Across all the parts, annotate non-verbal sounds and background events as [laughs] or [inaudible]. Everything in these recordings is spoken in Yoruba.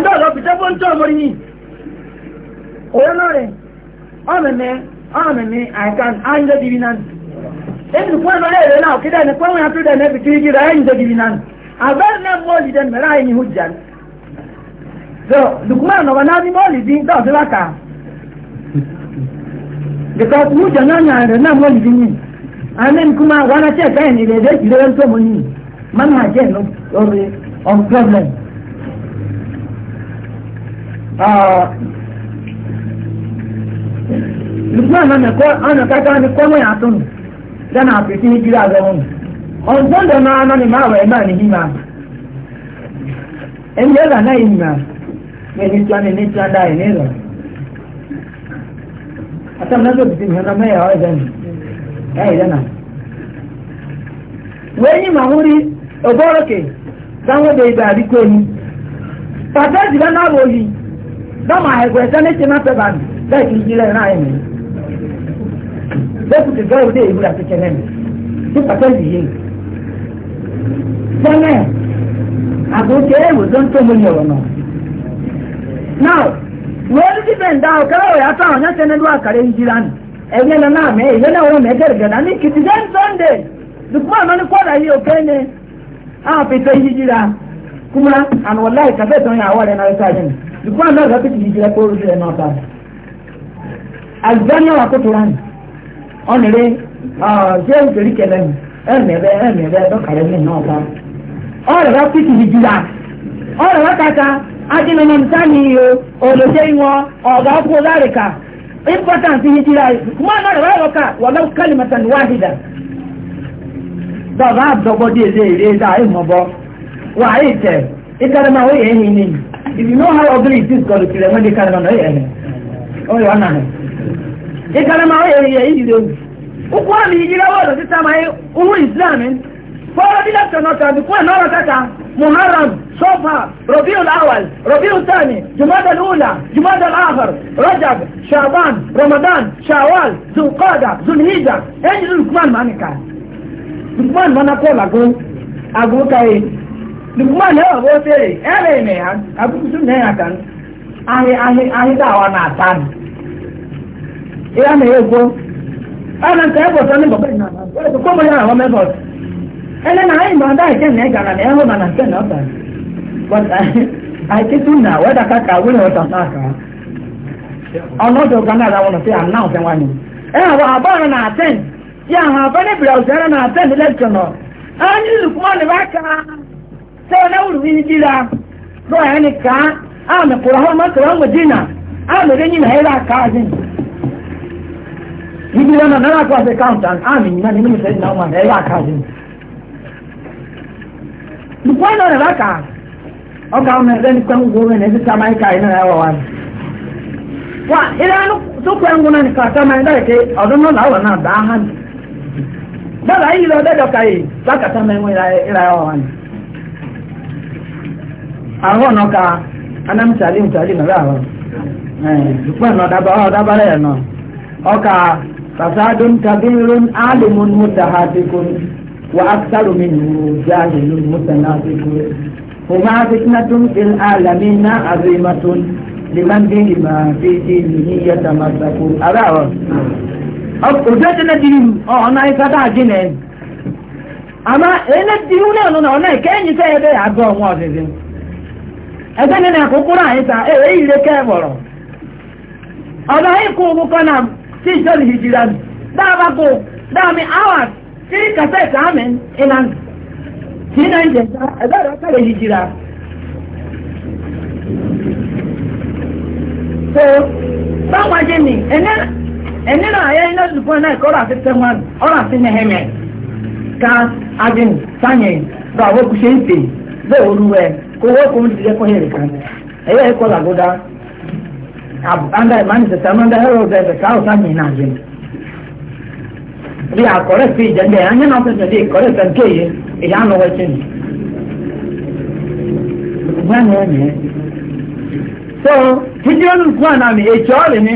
ẹjọ́ ọ̀lọ́ fi tẹ́fọ́ ń tọ́ ọmọ yìí òun náà rẹ̀ ọ̀mẹ̀mẹ̀ ọ̀mẹ̀mẹ̀ àìkan áyíjẹ́ dìbì náà na fún ẹ̀rọ ẹ̀rẹ́ náà kídà ní pẹ́wọ́n yàtọ̀ dẹ̀ nẹ́bi tí ìjìrà áyíjẹ́ dìbì náà àbẹ́rẹ́ náà mọ́ọ̀lì dẹ̀ mẹ́rẹ́ àyìn ìhù jà so lukman ọ̀bà náà ní mọ́ọ̀lì kuma on lukman na mẹkọ ọnà kẹta ni kọmọ na tó nù lẹ́nà àpèsè ìdílé àgbọ̀n nù ọ̀gbọ́ndọ̀ náà náà ni máa wẹ̀ náà ní hímà ẹni na na yìí mà na tí wọn ní tí wọn dá ẹni rẹ àtàwọn náà tó ti mìíràn dama ẹgbẹ sani ti máa fẹba bẹẹ kì í jí lẹnu ayé mi lẹkùtù gẹrẹ òde ìlú àti kẹlẹ mi tí pàtó yìí sẹlẹ àbòkè èrò tó ń tó mo yọrọ nà náà wọ́n ti bẹ̀ da ọ̀kẹ́rẹ́ òyà tó àwọn yẹn sẹ́ni ló àkàrẹ́ yìí jíra nù ẹ̀yẹ́ náà mẹ́ ẹ̀yẹ́ náà wọ́n mẹ́ náà ní Dùkú àná ìgbà tó kì í jẹ́ kó orí ẹ̀ náà tàbí. Àgbẹ̀ni wà kó tó rán. Ọ̀nìrè ṣé ìgbèrí kẹlẹ́ mi? Ẹ̀mẹ̀rẹ̀ ẹ̀mẹ̀rẹ̀ dọ́kàrẹ́ mi náà bá. Ọ̀rẹ́ bá pìkì ní jùlá. Ọ̀rẹ́ bá kàkà Adínàmọ̀ nìsáni iyo òlòṣè ìwọ̀n ọ̀gá kú lárìkà. Important yìí ti ra ìkúmọ̀ náà rẹ̀ wáyọ̀ ká wọ̀lọ́ kálímọ̀tàn wáhìdà. Dọ̀bá àdọ́gbọ́dé ilé ìrẹ́ dáa ìmọ̀bọ. Wàá ìtẹ̀ ikarama oyi ehi ni if you know how ugly it is god kiri ẹmọ di ikarama na oyi ehi oyi ọ nahi ikarama oyi ehi eyi yi lewu ukwu ami yiyira wọdọ títa ma ye uhu islam fọlọ bí lẹsẹ náà tàbí kú ẹ náà rọtàkà muharram sofa rabiul awal rabiul tani jumada lula jumada lahar rajab shaban ramadan shawal zulqada zulhijja ẹni lukman manika lukman mana kọ́ lagun agunkaye eh. lukman na ọbọ tere ẹrẹ ime ha akwụkwọ na ya ka ahị ahị ahị dawa na ata m ya na egwo ana nke ebọtọ ndị bọbọ na akwụkwọ mụ ya na ọmọ ebọt ele na anyị gbọdọ ike na ịgara na ịhụ mana nke na ọta but aikịtụ na weda ka ka wụrụ ọta na aka ọnọdụ gana ara nwụrụ sị ana ọsị nwanyị ẹ abụọ na aten ya ha abụọ na ebiri na aten sai ah, ah, ah, wani wuri yi jira zuwa ya ne ka a mai kura hau maka wani na a mai ganyi na era ka azin yi jira na nana kuwa sai a na nina na mai na umar haira ka azin duk wani wani raka ọka wani zai ni kwan gobe ne zai sama ina wa ni ka da ke ka ahụ ọnọka anam chali nchali nọrọ ahụ nọ dábàá dábàá rẹ̀ ọkà fasadun kabirun alimun mutahatikun wa aksaru min jahilun mutanafikun huma fitnatun fil alamina azimatun liman bihi ma fi dinihi yatamasaku ara ọ ojú ẹgbẹ́ nínú ẹ̀kúnkúrò àyíká èrè ilé kẹ́ẹ̀bọ̀rọ̀ ọ̀dọ̀ ikú ogun kọ́nà tí ìṣẹ́lì hìjìlá dáàbàkó dáàmì hours tí kàfẹ́ẹ̀tì àmì ìlànà tí náà ń jẹta ẹgbẹ́ rẹ̀ kẹ́lẹ̀ hìjìlá so báwa jẹ́ ni ẹni náà ayé iná dùkú náà ẹ̀kọ́ ọ̀rọ̀ àti tẹ́wọ́n ọ̀rọ̀ àti mẹ́hẹ́mẹ́ ká adìmù sáyẹn lọ òkú ṣe ń tè kówó kò ń dìde kó hèrè kan ẹ̀yẹ́ ẹ̀kọ́ làgódà àbúkàndà ìmánisẹ̀sẹ̀ àmọ́ndà ẹ̀rọ ọ̀dọ̀ ẹ̀fẹ̀ káwọ́ sáà yìí náà jẹun. bí àkọ́rẹ́ fi ìjẹ́ndẹ̀ ẹ̀yẹ́ náà fẹ́ sẹ́dí ìkọ́rẹ́ sẹ́ńké yẹ ìyá àná wọ́n ṣe nì. ìgbàanì ẹ̀ nìyẹn. so gideon gwan àmì ètò ọ̀rẹ́ ni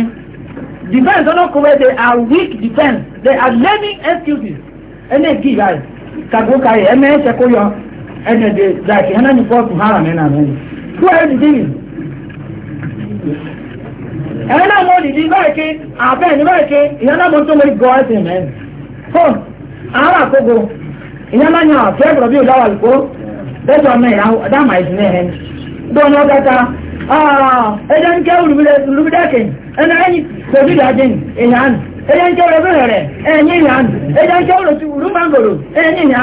defense ọlọ́kùnrin they are weak defense they are learning excuses ẹni èkì ìyá ẹ̀ kàgbókàyè ẹ̀jẹ̀ dè dàkì ẹ̀ náà ní pọ́ọ̀tù hàrà ní nàá mẹ́rin tó ẹ̀ dìde yìí. ẹ̀ náà mo dìde báyìí ké àbẹ́ ní báyìí ké ìyá náà mo tó mo gọ ẹsẹ̀ mẹ́rin. fún ara àkókò ìyá náà yàn fẹ́ bọ̀rọ̀ bí ìlà wà lùkó bẹ́ẹ̀ ọmọ ìyá dáàmà ìsìn ẹ̀ hẹ́n. dọ́ọ̀nù ọ̀gá ah, ẹ̀jẹ̀ ń kẹ́ olùbídẹ́kìn ẹ̀nà ẹ̀yìn pẹ̀lú ìdájẹ́ ìyá ẹ̀jẹ̀ ń kẹ́ olùbídẹ́kìn ẹ̀yìn ìyá ẹ̀jẹ̀ ń kẹ́ olùbídẹ́kìn ẹ̀yìn ìyá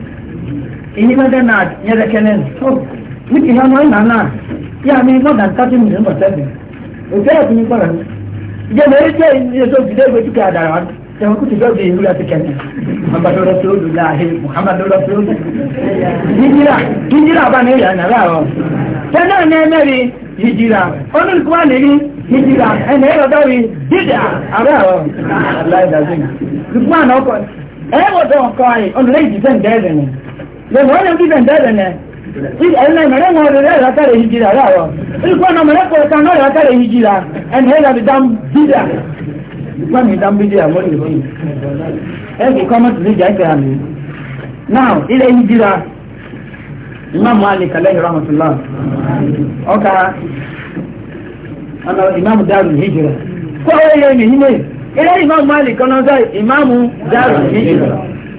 ini ma dai na ya da kenen so miki mana? mai nana ya mi no dan ka tin mun ba ni o ke ya tin ko ran je ni so dia go ti ka da ran te ko ti do be yu la ti kenen muhammadu rasulullah muhammadu rasulullah hijira hijira ba ne ya na ra o te na ne ne ri hijira onu ko ne ri hijira ene ro do ri allah da zin lukman o ko e wo do ko ai on lady den den lẹ́nu wọn lè fi bẹ̀ǹdẹ̀ rẹ̀ nẹ̀ ẹ̀nà mẹ̀rẹ̀ wọn rẹ̀ rẹ̀ látàrí yìí jìrà rà rọ̀ ikú ọ̀nà mẹ̀rẹ̀ kọ̀ ọ̀tà náà látàrí yìí jìrà ẹ̀nà ẹ̀yà bí dám bídà wọ́n mi dám bídà wọ́n lè fi ẹ̀ kì í kọ́ mọ́tò sí jẹ́ now ilẹ̀ yìí jìrà imam malik alayhi rahmatulah ọkà ọ̀nà imam darul hijira kọ́ ọ̀rẹ́ yẹn mi nílé imam malik ọ̀nà ọ̀dọ́ imam darul hijira.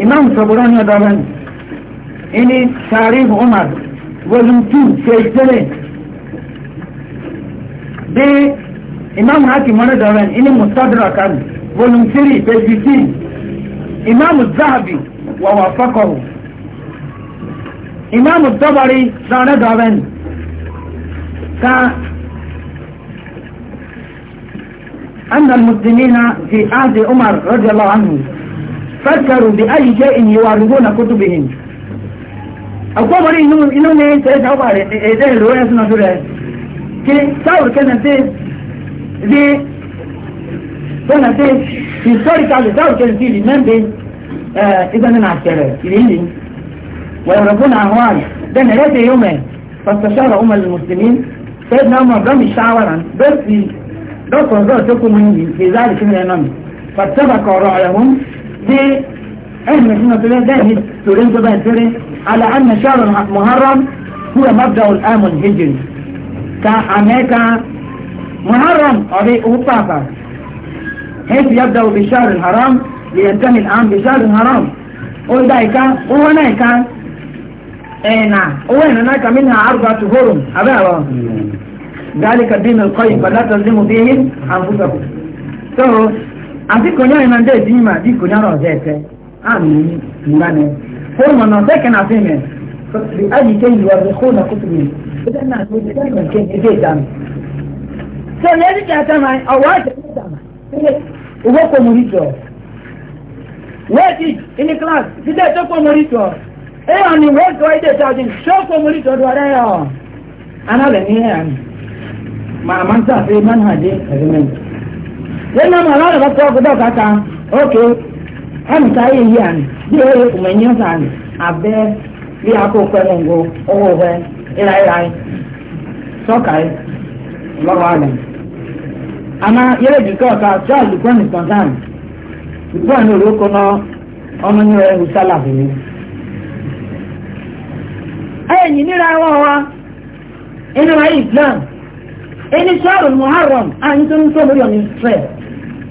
imam saburani adaban ini tarif umar volume 2 page 3 de imam hakim wani daban ini mustadrakan volume 3 page 15 imam zahabi wa wafakahu imam tabari dana daban ka أن المسلمين في عهد عمر رضي الله عنه فكروا بأي شيء يوارثون كتبهم أقوم لي إنه إنه نيجي سيد عبارة إيه الرواية سنة سورة كي ساور كنا نسيت دي كان نسيت historically ساور كان نسيت remember إذا أنا عسكرة الهندي ويعرفون أهوال ده نلاقي يومين فاستشار أمة المسلمين سيدنا عمر رمي شعورا بس في دوكو زوجكم في ذلك من الأمم فاتبقوا رأيهم دي احنا هنا داهد تقولين ده بهدري على ان شهر محرم هو مبدأ الآم الهجري كأمريكا محرم أبي أوباكا حيث يبدأ بشهر الحرام لينتهي الآن بشهر الحرام ولديك وهناك اينا وهناك منها أربعة هرم أبعوا ذلك الدين القيم فلا تلزموا به أنفسكم so àti kònyà ìmọ̀ ndé ìdí ìmọ̀ àti kònyà rọ̀ ọ̀zẹ̀ ẹ̀fẹ́ àmì ìgbà ni fóònù ọ̀nà ọ̀sẹ̀ kẹ́nà fún mi bí ayé ké ìlú ọ̀rẹ́ kó nà kótó mi ó dẹ́ náà tó dé dáná ké ní dé ìdáná. sọ yẹn ní kí a sẹ́nu ọ̀wọ́ àjẹ́ ní ìdáná owó kò mú rí jọ wéèkì ìní kílàsì sídẹ̀ tó kò mú rí jọ èèyàn ni wéèkì wáyé dé ìdájọ́ tó kò mú rí jọ yọ. anábẹ̀ ní ẹ̀ àná màmá ń sàfihàn mánhàjẹ́ lẹ́nu ọmọ ọlọ́run bá tọ́ ọkùnrin ọ̀kàkà ókè ẹnìkan yìí yìí àná bí ó yẹ kùmẹ̀ ní ọ̀sán àná abẹ́ bí akókò ẹnu ngo owó ọ̀hẹ́ ìráìráì sọ́kà yìí lọ́wọ́ àlẹ́. àmọ́ yẹ́rẹ́ dùkọ́ charles lukọ́ ní spontan lukọ́ ní olóko náà ọmọ ní ọ̀rẹ́ ìsálà fún mi. ẹ̀yìn níra wọn wa inú ayé islam ẹni sọ́ọ̀rọ̀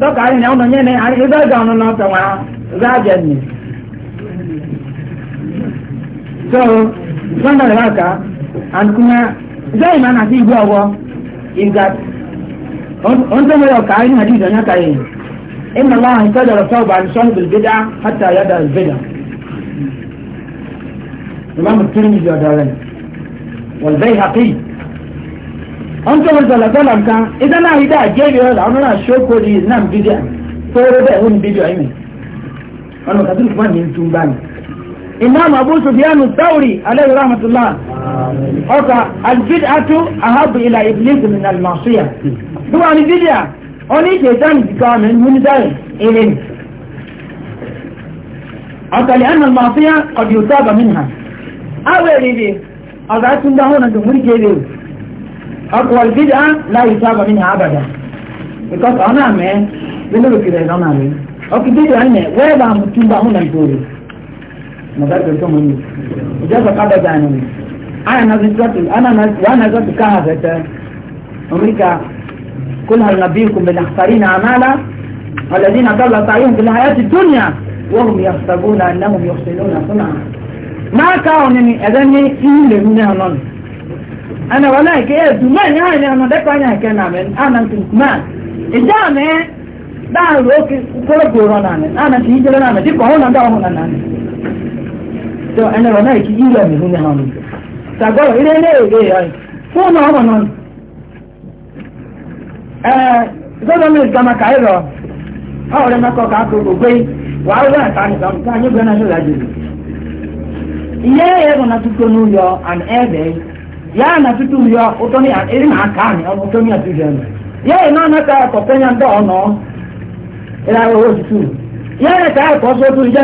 dọ́kà àrìn náà ọ̀nà yẹn ní àrìn ìdọ́jà ọ̀nà náà tẹ̀wọ̀n rájẹ̀ nì. so lọ́nà rẹ̀ wákà and kuma zai ma na fi ibu ọwọ́ is that on tó mẹ́rẹ̀ ọ̀kà àrìn àdìs ọ̀nyá kàyé ìmọ̀ láwọn ìtọ́jọ̀rọ̀ sọ́ọ̀bà ní sọ́ọ̀bù bìdá hátà yàdà bìdá. ìmọ̀ mi tún ní ìjọ dọ̀rẹ̀ ọjọ́ ìzọ̀lọ̀gbọ́lọ̀ nǹkan iná náà ìdá àjẹ́rì ọ̀rọ̀ àwọn náà ṣókò rí náà bídíà fọ́rọ̀ bẹ́ẹ̀ ó ní bídíà ẹ̀mí ọ̀nà kàtúrù fún àmì tún bá ní. imam abu sufiyan sauri alayhi rahmatulah ọkà albid atu ahabu ila iblis min almasiya bí wọn ní bídíà ó ní ṣètàn ìdíkà mi mú ní sáré ilé ni. ọkà lè ẹnu almasiya ọdí òtábà mi nà. awẹ́rẹ́ rẹ̀ ọ̀gá tún dáhùn náà أقوى البدعة لا يتابع منها أبدا because أنا ما إيه؟ بنقول كده أنا ما إيه؟ أوكي بدعة هنا إيه؟ وين بقى متنبع هنا الجوري ما بدأت لكم هنا إجابة أبدا أنا أنا نزلت أنا نزلت وأنا نزلت كهفة أمريكا كلها نبيكم من أخطرين أعمالا الذين ضل سعيهم في الحياة الدنيا وهم يحسبون أنهم يحسنون صنعا ما كانوا أذني إيه لهم نهنون ana wala ke ya eh, duma nya nya ike ke na men ana tin kuma ida me da ro ke ko go na ne ana ti na me ti ko na da ho na na to ana wala ke ira eh, me hunya ha ni ta go ire ne ge ya ko na ho na eh go na me ga ma ka ro ha ore na ko ka ko go gbe wa ta ni ta ni ga na la ji ya na tutu ya ụtọ ni ịrị na aka anyị ọ ụtọ ni atụ jem ya na anata akọta ya ndị nọ ịra ahụ otutu ya na ka ọsọ skuul ya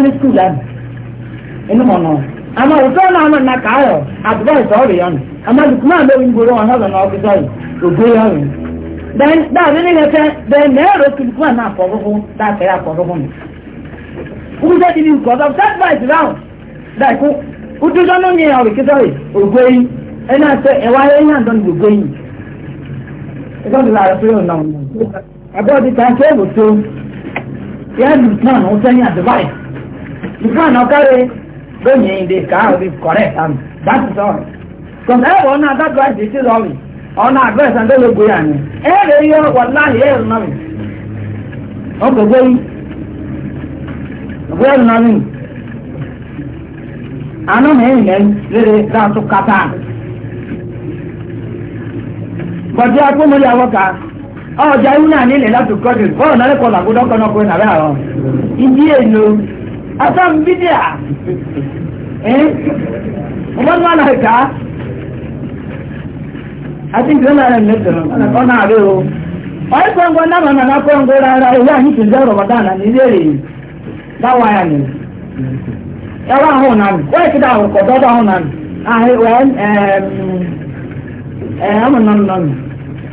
ịnụ ọnụ. ama ụtọ na ama na ka ayọ ọrịa ya ama na ọgụgụ anyị ogo ya nọ then dàbí ní ẹsẹ then na e akọ ọgụgụ dàbí akọ ọgụgụ nọ dị ya ẹni àti ẹwà ẹni àdán gbogbo yìí ẹgbẹ́ ọ̀dọ̀ làrá fún yóò náà àbẹ́ ọ̀dọ̀ ta ṣé èbò tó yẹ ẹ̀dù tán àwọn sẹ́yìn àdìbáyì ìfúnà náà kárẹ́ lóyìn ẹ̀yìn dé káà ọ̀dọ̀ kọ̀rẹ́ àmì dáàtì sọ̀rọ̀ kọ̀ọ̀tà ẹ̀wọ̀ ọ̀nà àdàbọ̀ àti ìṣẹ́ lọ́rì ọ̀nà àgbẹ̀sẹ̀ ńdẹ́lógbò yà ni ẹ̀rẹ̀ yọ wàláhì ẹ̀rù náà ọkọ̀ gbé yìí ọ̀gbẹ́ ẹ̀rù náà ni àná kọjá agbóhùnmọ́lé àwọn kan ọjà irú náà nílẹ̀ láti kọ́dù bọ́ọ̀ náà lẹ́kọ̀ọ́ làkúdọ́ kan ọkùnrin nàbẹ́ na ìdí èlò asáǹbídíà ọgbọ́n náà náà ká àti ìdílé náà rẹ̀ lẹ́tọ̀ọ́ ọ̀nà àrẹ o ọ̀rẹ́ kọ́ńgọ́ náà náà náà kọ́ńgọ́ rárá na nụ wee kịta ahụ kọdọdọ na nụ nụ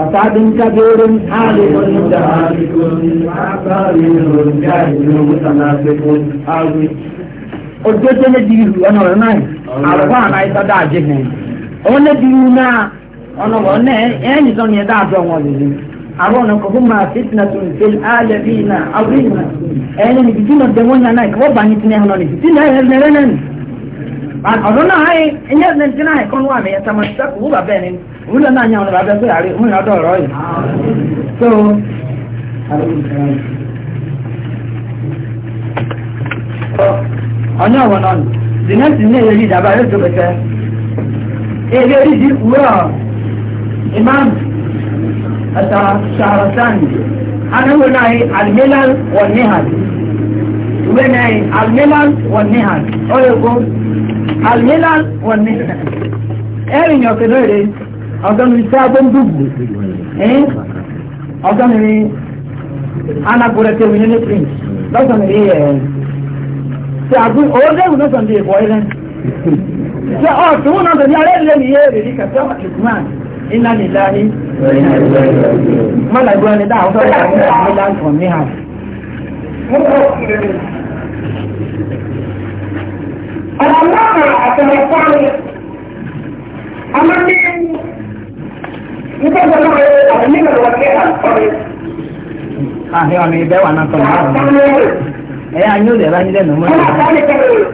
فسعد كبير عالم متعارف عقارب جاهل متنافق عاوي ojojo ne di iru ọna ọrọ náà àwọn àná ìtọ́jú àjẹ yẹn òun ne di iru náà ọ̀nà wọn ẹ̀yìn sọ ni ẹ̀dá àjọ wọn lè ní àwọn ọ̀nà kọ̀ọ̀kan máa fitna tó ń fẹ́ bíi náà àwọn ìmọ̀ ẹ̀yìn ni bìtì náà yàn náà ìkọ́wọ́ bá yín ti náà ẹ̀hún ọdún náà ayé ẹ̀yẹ́ ẹ̀dẹ́ntì náà ẹ̀kọ́ níwà mí ẹ̀ta mọ̀tí sẹ́kù wúbà bẹ́ẹ̀ ni na-anyị yẹn ọ̀nà bàbá sóyà rí òun ọ̀dọ̀ ọ̀rọ̀ yìí. so ọ̀nyẹ́ ọ̀wọ̀ náà na next thing na yẹrí ìdàbà yóò tó bẹ̀tẹ̀ ẹ̀ yẹrí di imam almilal wani ẹ̀rìn ọ̀kẹ́lẹ́ rẹ̀ ọ̀gọ́nrin tí a bọ́ ń dùgbò ọ̀gọ́nrin anagbọ̀rẹ̀tẹ̀ wí nínú prince lọ́sàn ẹ̀ tí a gbé owó lẹ́wù ẹ̀kọ́ ẹ̀rẹ́ tí ọ̀ tí wọ́n náà tẹ̀lé alẹ́ lẹ́nu yé rè kàtí ọ̀pọ̀ ìgbìmọ̀ iná lè láyé mọ́lá ìgbọ́n ní ọ̀rọ̀ náà àtẹ̀lẹ̀ sáré àmọ́ ní nígbà tó náà yẹ àtẹ̀lẹ̀ nígbà tó wà kí ẹ̀ka sọ̀rọ̀ àhẹ́ ọ̀nà ibẹ̀ wà náà tọ̀nà àrùn ẹ̀ yà nyó lè ra nílẹ̀ nà mọ́ ẹ̀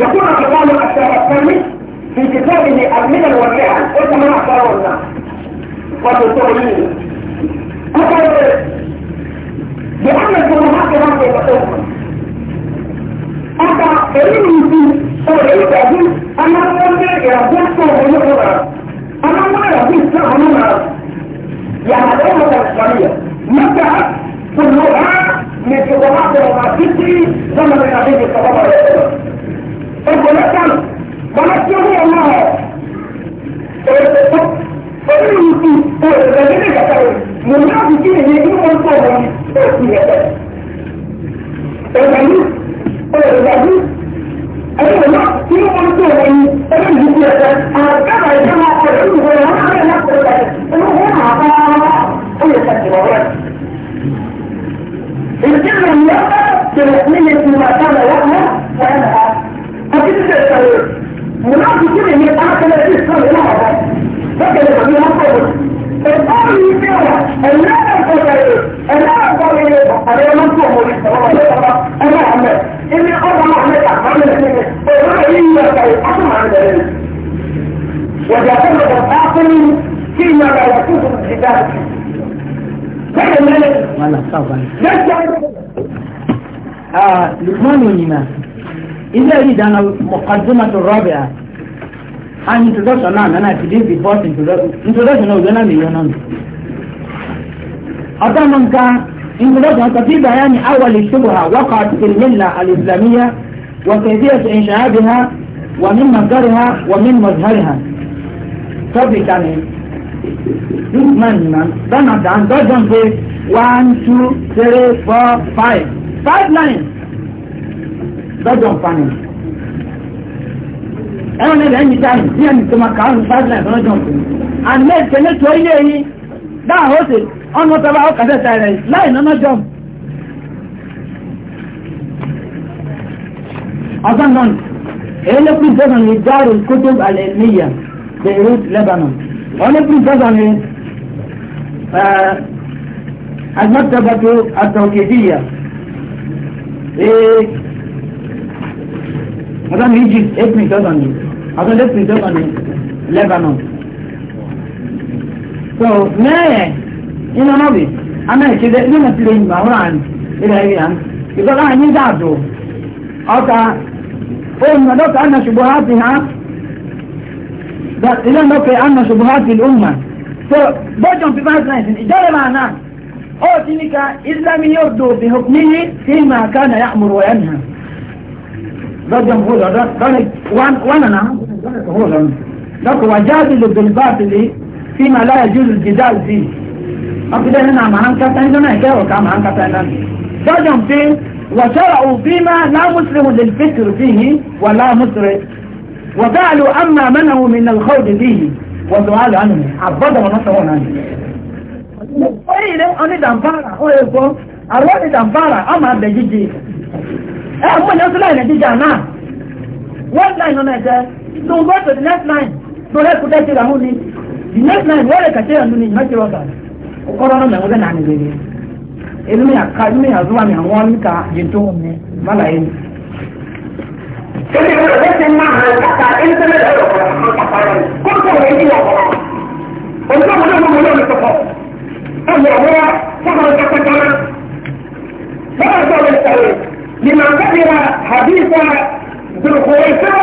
يقول الإمام الشافعي في كتابه المنن والنهي قلت ما أخبره الناس وتطوليه أخبر بأن الجمهات رمضة أمة ọ̀pọ̀ èyí ni ti ọ̀rọ̀ ìgbàgbé amáwọ́lé ìyàgbé tó wọlé wọ́ra amáwọ́lé ìyàgbé tó wọlé wọ́ra yàrá lọ́wọ́ ọ̀sánìyà mẹ́ta tòlóra mẹtòlóra bọ̀rọ̀ títí lọ́nà ìyàgbé tó wọlé wọ́ra ọ̀pọ̀ lẹ́tàn bọ́lá tí ó wọ̀ náà èyí ni ti ọ̀rọ̀ ìgbàgbé nígbàgbé mọ̀lá àbùkí ìyẹn ní wọ́n tó wọlé ó sì yẹ ọ̀rọ̀ ìgbàgbé ẹ̀yìn ọ̀nà tí ó wọ́n tó wọ́n yìí ẹ̀yìn ìdíkú ẹ̀fẹ́ àwọn kábàá ìjọ máa kọ̀ ẹ̀yìn ìdíkú ẹ̀yìn wọ́n á rẹ̀ lápò ẹ̀yìn ẹ̀yìn wọ́n máa bá ó lè ṣàtìwọ̀ wọ́n. ìdíkú ìyá tẹ̀lẹ̀ nílé tí wọ́n bá lọ wọ́n mọ́ ẹ̀yìn ọ̀há. àti títẹ̀ sọ̀rọ̀ mùnà tuntun lè ní akẹ́lẹ́ sí ìsọ̀rọ̀ náà wọ́n lọ́kẹ̀lẹ̀ tàbí wọ́n kọ̀ ẹ̀kọ́ mi ní ìfẹ́ wọn ẹ̀yìn náà kọ̀ ẹ̀yìn ẹ̀yìn náà kọ̀ ẹ̀yìn عمل الرؤية فالحكم عن ذلك ويعتمد الحاكم فيما لا يكون من حساب نحن مالك ولا صوبا آه لقمان والإمام إذا أريد أنا مقدمة الرابعة an introduction now na na today before introduction introduction ọjọ́ náà nìyẹn náà ọ̀tọ́ mọ̀ nǹkan introduction ọ̀tọ̀ tí ìbáyá ni awàlì ṣubùhà wọ́kọ̀ àti ìlẹ́là alìsìlámíyà وكيفية إنشاءها ومن مصدرها ومن مظهرها طبي يعني this man man don't have the answer don't say one two three four five five lines don't don't panic ẹ̀rọ nílẹ̀ ẹ̀yìn táyì tí ẹ̀mí tó máa kàánù five lines ọ̀nà jọ̀ǹ fún and mẹ́ẹ̀kẹ́ ní tó ilé yìí dáhùn ó sì ọ̀nà tó bá ọkà sẹ́ta rẹ̀ láì nánà jọ̀ǹ أظن أنا بريفاز عن إدار الكتب العلمية بيروت لبنان وأنا بريفاز عن المكتبة التوكيدية إيه، أظن يجي بريفاز عن أظن بريفاز إيه عن لبنان so nee ina nabi ana ke da ina tilin ba ran ina ina idan an yi da to قطع قلنا لك أن شبهاتها إلى لك أن شبهات الأمة فبجم في بعض الناس إجارة معنا أو تلك إذ لم يردوا بحكمه فيما كان يأمر وينهى بجم هو ذلك وانا هو ذلك وجادل بالباطل فيما لا يجوز الجدال فيه أقول هنا معان كتا هنا كتا وكا معان كتا هنا بجم فيه Wa chọrọ o vi ma Lamu sịrị ụmụntinbi siri bi naanị wa Lamu sịrị. Wabalị ọ am na-amịnọgụmịnọgụ gaw dị n'ihi. Wa bụrụ alọ anụ a bụrụ ọdọ ọdọ n'ụtọgụ ọ na-anị. O yi ne ọdịda n'afọ a kpọrọ ịdịka ndị dàmpaara ama mbem ji ji. Ee, agụba nyensị na-eme ji ji ana. Wọọ ndị nọ na-eje. Dọm bọtul dị náịt dọle kụda dị ọmụmụ ni. Dị náịt nọ na-eje ka che ya ndụ n'ihi ilimi ya ka ilimi ya zuwa mi àwọn ka jinto mala yin Sebenarnya saya memang kata ini sebenarnya kalau eh, kata orang, kau tahu ini apa? Untuk mana mana itu kok? Kamu apa? Kamu kata kata, mana tahu tahu? Di mana dia hadis berkuasa?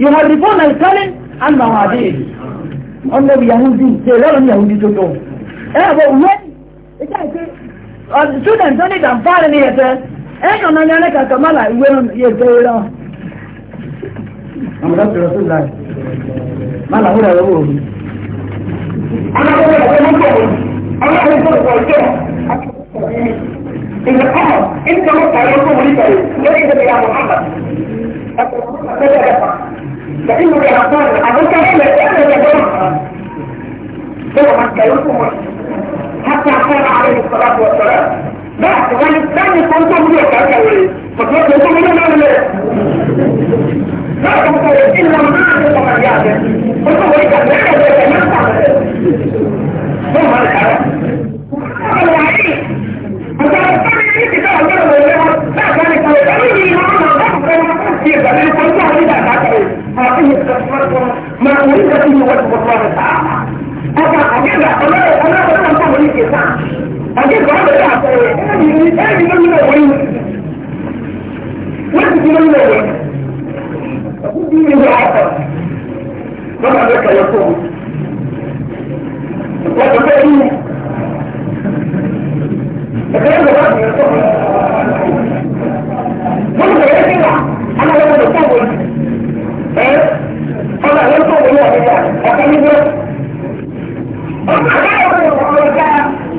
يهربون الكلم عن مواضيعه ọmọ yahudi ṣe lọ́rùn yahudi tó tó ẹ̀bọ̀ wọ́n ìjà ìpé student tó ní ìdàmfààrí ní ẹ̀fẹ́ ẹ̀yọ̀ náà ní alẹ́kà kàmàlà ìwé ètò ìrọ̀ ọmọ dọ́kítọ̀ tó láì má làwọn ẹ̀rọ wò rí. aláwọ̀ ẹ̀rọ mọ́tò aláwọ̀ ẹ̀rọ mọ́tò ọjọ́ ìgbà kọ́mọ̀ ìgbà mọ́tò ayọ́kọ́ wọlé لأنه بيعبر أبو كريم يتأكد جماعة هو ما اتكلمكم حتى عشان عليه الصلاة والسلام بس وانا استنى كنتم بيه كأكل ايه فكنت كنتم بيه نعمل ايه لا كنتم إلا ما عرفت من يعجل كنتم بيه كأكل ايه كمان تعمل ايه ثم الحرام لا كانت تقولي لي ماما لا كانت تقولي لي ماما باقيه ما اريد به وجه الله تعالى اجا اجا انا انا انا انت مريض يا سعد اجا هذا يا عبد الله انا من انا من الاولين وانت من الاولين خذي من العصر كما لك يقول وتقول لك يا رب يا رب ọmọ àwọn tó wọlé ọ̀dẹ́ta ọ̀kan ní bẹ́ẹ̀. ọmọ àbáyọ̀ ọ̀rọ̀ ọ̀rọ̀ ọ̀gá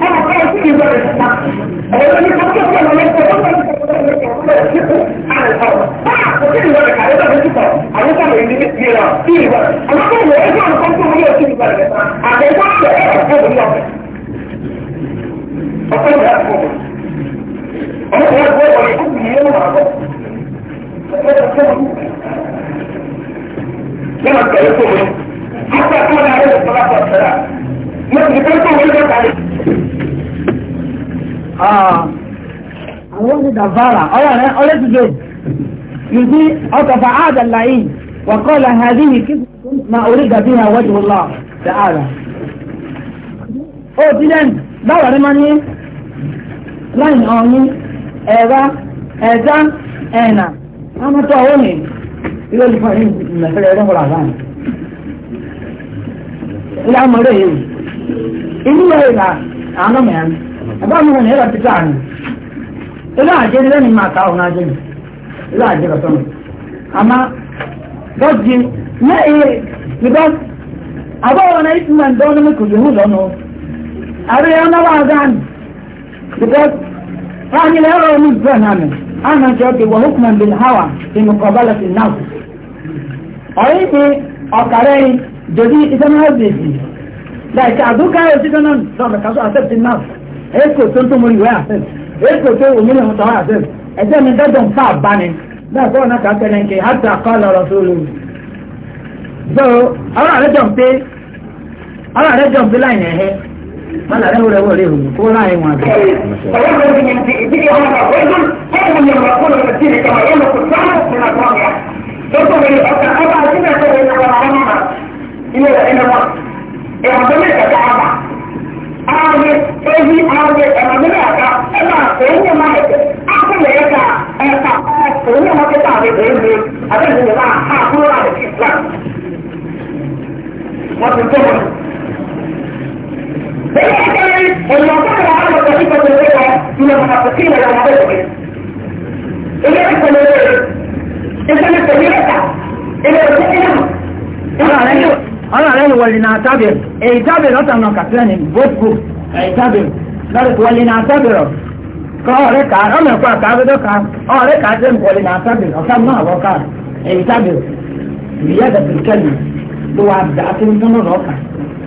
ọmọ kan sí ìwé rẹ̀ síta. ọ̀rọ̀ ní kókó tó wọlé ọ̀dẹ́ta ọmọ kan sí ìwé rẹ̀ síta. Thank you. لما تقلتوا منه حتى كان عليه الصلاة والسلام ما تقلتوا منه عليه آه أولي دفارة أولا أولي تجد يجي أتفعاد اللعين وقال هذه كذب ما أريد بها وجه الله تعالى أو ti lẹ́nu رماني ni أوني إذا إذا أنا أنا ẹ̀dá ẹ̀nà ilé olùkọ́ yìí mẹ̀sẹ̀rẹ̀ ẹ̀rọ wọ̀rọ̀ àgbà ilé amọ̀rẹ́ yìí inú ẹ̀ là àánú mẹ́rin ẹ̀bá mi wọn ẹ̀rọ títà ni ilé àjẹ́ ilé mi máa ta ọ̀hún àjẹ́ mi ilé àjẹ́ lọ́tọ́ mi àmá bọ́ọ̀dì ní ẹ̀yẹ ìbọn àbáwọn náà because wọ́n á nílẹ̀ ẹ̀rọ ana jọ́bi wọ hukman bin hawa ti mukọ̀bálà ti náà ọ̀rẹ́ pé ọ̀kàrẹ́ jòdí ìsẹ́nàbèsì láìka àdúkàrẹ́ sí tọ́nà sọ̀rọ̀ kásọ̀ accept in now èkó tó ń tó mórí ìwé accept èkó tó òmìnira ọmọ tọ́wọ́ accept ẹ̀jẹ̀ mi dọ́dọ̀ ń fà bá ni náà sọ̀rọ̀ náà kàá tẹ̀lé nke hàtà kọ́lá ọ̀rọ̀ tó lò so ọ̀rọ̀ àrẹ́jọ̀ ń pé ọ̀rọ̀ àrẹ́jọ̀ ń pé láì mana ɗan wura wura rehu ko na yi wata What's the difference? الموضوع العام الطريقة الأولى من المحققين على مدارهم إلى الكلية إلى الكلية إلى الكلية أنا عليه ولنعتبر اعتبر أتنا كتلين بوتكو اعتبر ذلك ولنعتبر kọ́ọ̀rẹ́ ká ọmọ ẹ̀kọ́ àkàbẹ́dọ́ ká ọ̀rẹ́ ká jẹ́ nǹkan ọ̀lẹ́ náà sábẹ̀ ọ̀sán náà wọ́n ká èyí sábẹ̀ ìyá ìdàgbẹ̀kẹ́lì ló wà dá tó ń tún lọ́ọ̀ọ́ ká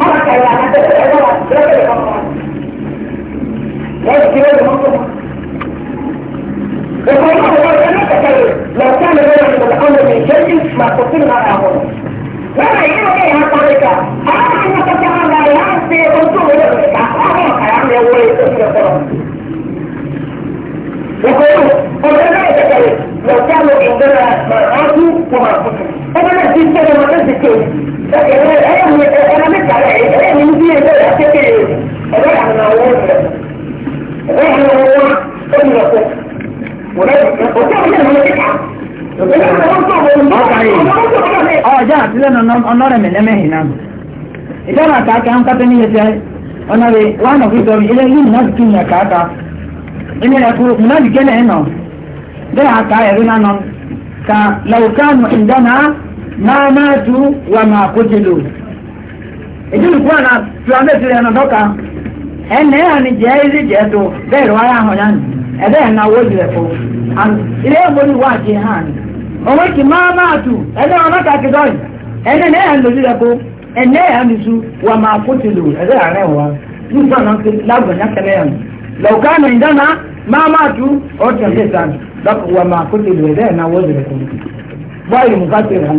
حركة يعني عن ثلاثة لخمسة ليس كده لخمسة وطبعا الله لم يتكلم لو كان غير من الأمر من شيء ما تصير مع أمره لما يجيب إيه هالطريقة أنا أن تتعامل عليها في منطوق لك أخوك يا عمي أولي يقولوا قلنا يتكلم لو كانوا عندنا مرآته ọmọ náà ti tẹ́lẹ̀ wọn ló ti ké ẹ̀rọ mẹ́ta rẹ̀ ẹ̀rọ mi ń bí ẹgbẹ́ rẹ̀ kékeré ẹ̀rọ àwọn ọwọ́ rẹ̀ ẹ̀rọ àwọn ọwọ́ ó ní ọ̀pọ̀ wọ́n náà ti tẹ́ ọjọ́ ìlú ọmọ kíkà ọjà àtìlẹ́ ọ̀nọ́rẹ̀ mẹ́lẹ́mẹ́hìn náà ìjọba àtàkà ń kápẹ́ ní ẹsẹ̀ ọ̀nọ́rẹ̀ wọn àfi sọ ilé yìí náà kí ni ẹ̀ka ta ilé ẹ̀kú múnádìí kẹ́lẹ̀ ẹ̀ nọ bẹ́ẹ̀ àtà ẹ̀rí náà nọ ka làwùká ìdáná máa máa tú wà máa kóje lò èyí nìkú na tìlámẹ́tì rẹ̀ ya na àní jẹ́ ilé jẹ́ tó bẹ́ẹ̀ ayé àhọ̀yá nì ẹ̀bẹ́ ẹ̀ náà wọ́jú rẹ̀ fún ilé ẹ̀mọ́ ni wà á ti hàn ní. òwe kì máa máa tú ẹ̀dẹ́ wọn náà kàkí wa nìkú àná lágbọ̀nyá kẹlẹ́ yẹn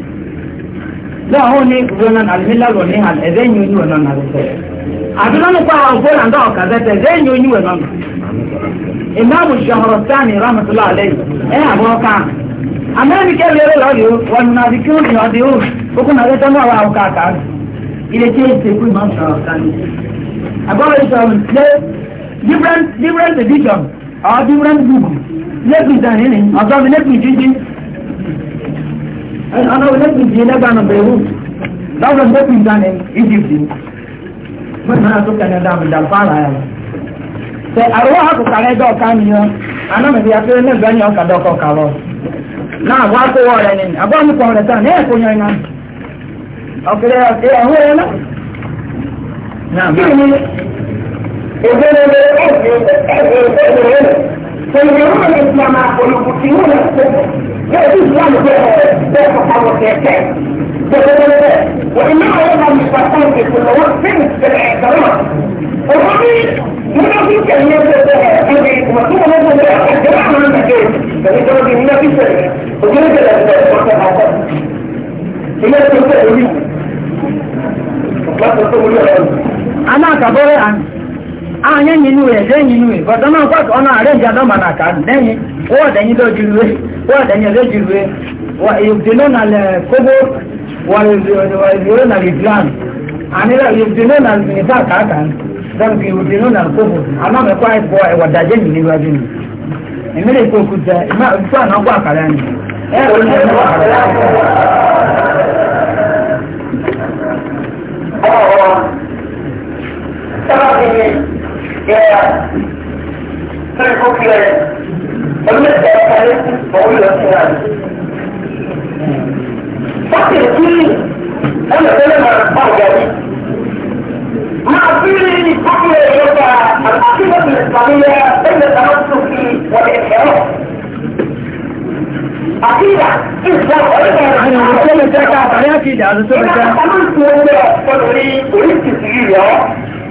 náà ó ní ìgbóná àlùmílàrò ní àlẹ́ ẹ̀dẹ́ yìí oníwẹ̀ náà nà lẹ́sẹ̀ àdúrà nípa àwọn ògbóná náà ọ̀kà tẹ́tẹ́ ẹ̀dẹ́ yìí oníwẹ̀ náà ìmáàmù ṣahọ̀rọ̀ sáàni rámọ̀tọ́lá àlẹ́ yìí ẹ̀ àbọ̀ ọ̀ka amẹ́ríkẹ́ lérè lọ́dí wọn náà di kí ó ní ọdí ó kókó náà lẹ́tọ́ náà wà ọ̀ka àká ilé tí èsì èkó ìmáàmù ṣahọ̀rọ̀ sáàni àbọ̀wọ̀ ìṣọ̀rọ̀ lé different different edition or different book lẹ́gbìtàn nínú ọ̀dọ́ mi lẹ́gbìtàn ana wọlé kù jì lẹ́gbà nà bẹ̀rù láwọn ọ̀dọ́ kù ìgbà ní egypt mọ́tò náà tó kẹ́ni dàbí dàbí ara yà tẹ àrùwá àkùkù kàrẹ́ dọ̀ ká mi yọ anamẹ̀bí akéré náà gbẹ́ni ọkà dọ̀ kọ̀ kàwọ́ náà wọ́n akó wọ́ rẹ̀ nìyí àbọ̀ mi kọ̀ rẹ̀ tán ní فيرون الإسلام ويقتلون الكفر لا الإسلام ده تطور يكاد ده ده وإنما يظهر مشتقات في كل وقت في الاعتراض الرميل هنا في كلمات مكتوبة مثلا ده الجماعة من المكان ده انت راجل هنا في سنة وجنة الأسباب وقتها هنا تنتهي ليه أنا كبري عنه ààyẹ́ nínú rẹ̀ lẹ́yìn inú rẹ̀ bọ̀dọ̀ náà pàtó ọ̀nà ààrẹ ìjà náà mànà kà lẹ́yìn wọ́ọ̀dẹ̀yìn lójú rẹ̀ wọ́ọ̀dẹ̀yìn lójú rẹ̀ ìdènà kóbó wọ̀lẹ̀dẹ̀nà ìdílán ànílẹ̀ ìdènà nìfà kàkà dọ́nkì ìdènà kóbó alámẹ́kọ́ ẹ̀kọ́ ẹ̀wọ̀dàjẹ́ níwájú ni ìmílẹ̀ ìkókù jẹ́ ìmọ̀ ìfọ̀ àná gbọ́ àkàrà ni ẹ̀rọ ní ọ̀rọ̀ يا تركوا كلام فالمسألة كانت طويلة كلام فكر فيه أنا كلمة أرجع مع كل فكرة يرجع العقيدة الإسلامية بين التمسك والانحراف عقيدة أنا عشان أتابع حياتي على سبيل المثال. أنا أريد أريد تسجيل يا رب.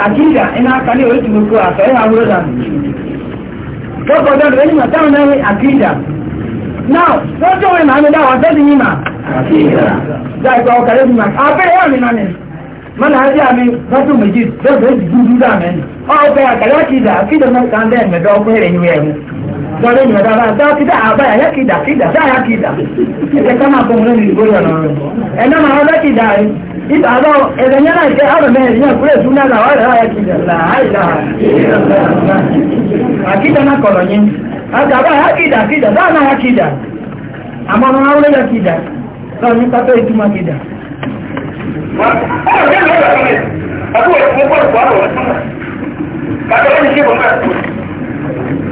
àkíyà iná kalẹ̀ orí ti gbogbo àfẹ́ àwúrọ̀ dànù tọ́pọ̀ dọ́dọ̀ ẹni mà táwọn náà ní àkíyà náà lọ́jọ́ orin màá mi dá wà sẹ́sì yìí mà àkíyà dá ìgbà ọkàlẹ́ bí mà abẹ́rẹ́ yà mí náà ni mọ́nà á jẹ́ àmì lọ́tún méjì bẹ́ẹ̀ bẹ́ẹ̀ dúdú dà mẹ́ni ọ̀ọ́fẹ́ àkàlẹ́ àkíyà àkíyà náà kàn lọ́lé ìyẹn dáadáa dáwọ́ kí dáa àbáyà yẹ kìdà kìdà dáa kìdà ẹ̀jẹ̀ ká máa fọmọ lórí ìgbóyà náà ẹ̀ náà máa lọ́ kìdà rẹ̀ ibà àbọ̀ ẹ̀rẹ̀ yẹn náà jẹ́ ọ̀rọ̀ mẹ́rin yẹn kúrẹ́ sún náà làwọn ẹ̀rọ ayẹ kìdà láàyè àkìdà náà kọ̀lọ̀ yẹn àti àbáyà kìdà kìdà dáa náà kìdà àmọ́ ọmọ awúlé yẹ kìdà lọ́ọ̀ ní pátó ìtumọ̀ kìdà. Àbúrò ìfowópamọ́ ìfowópamọ́ ìfowópamọ́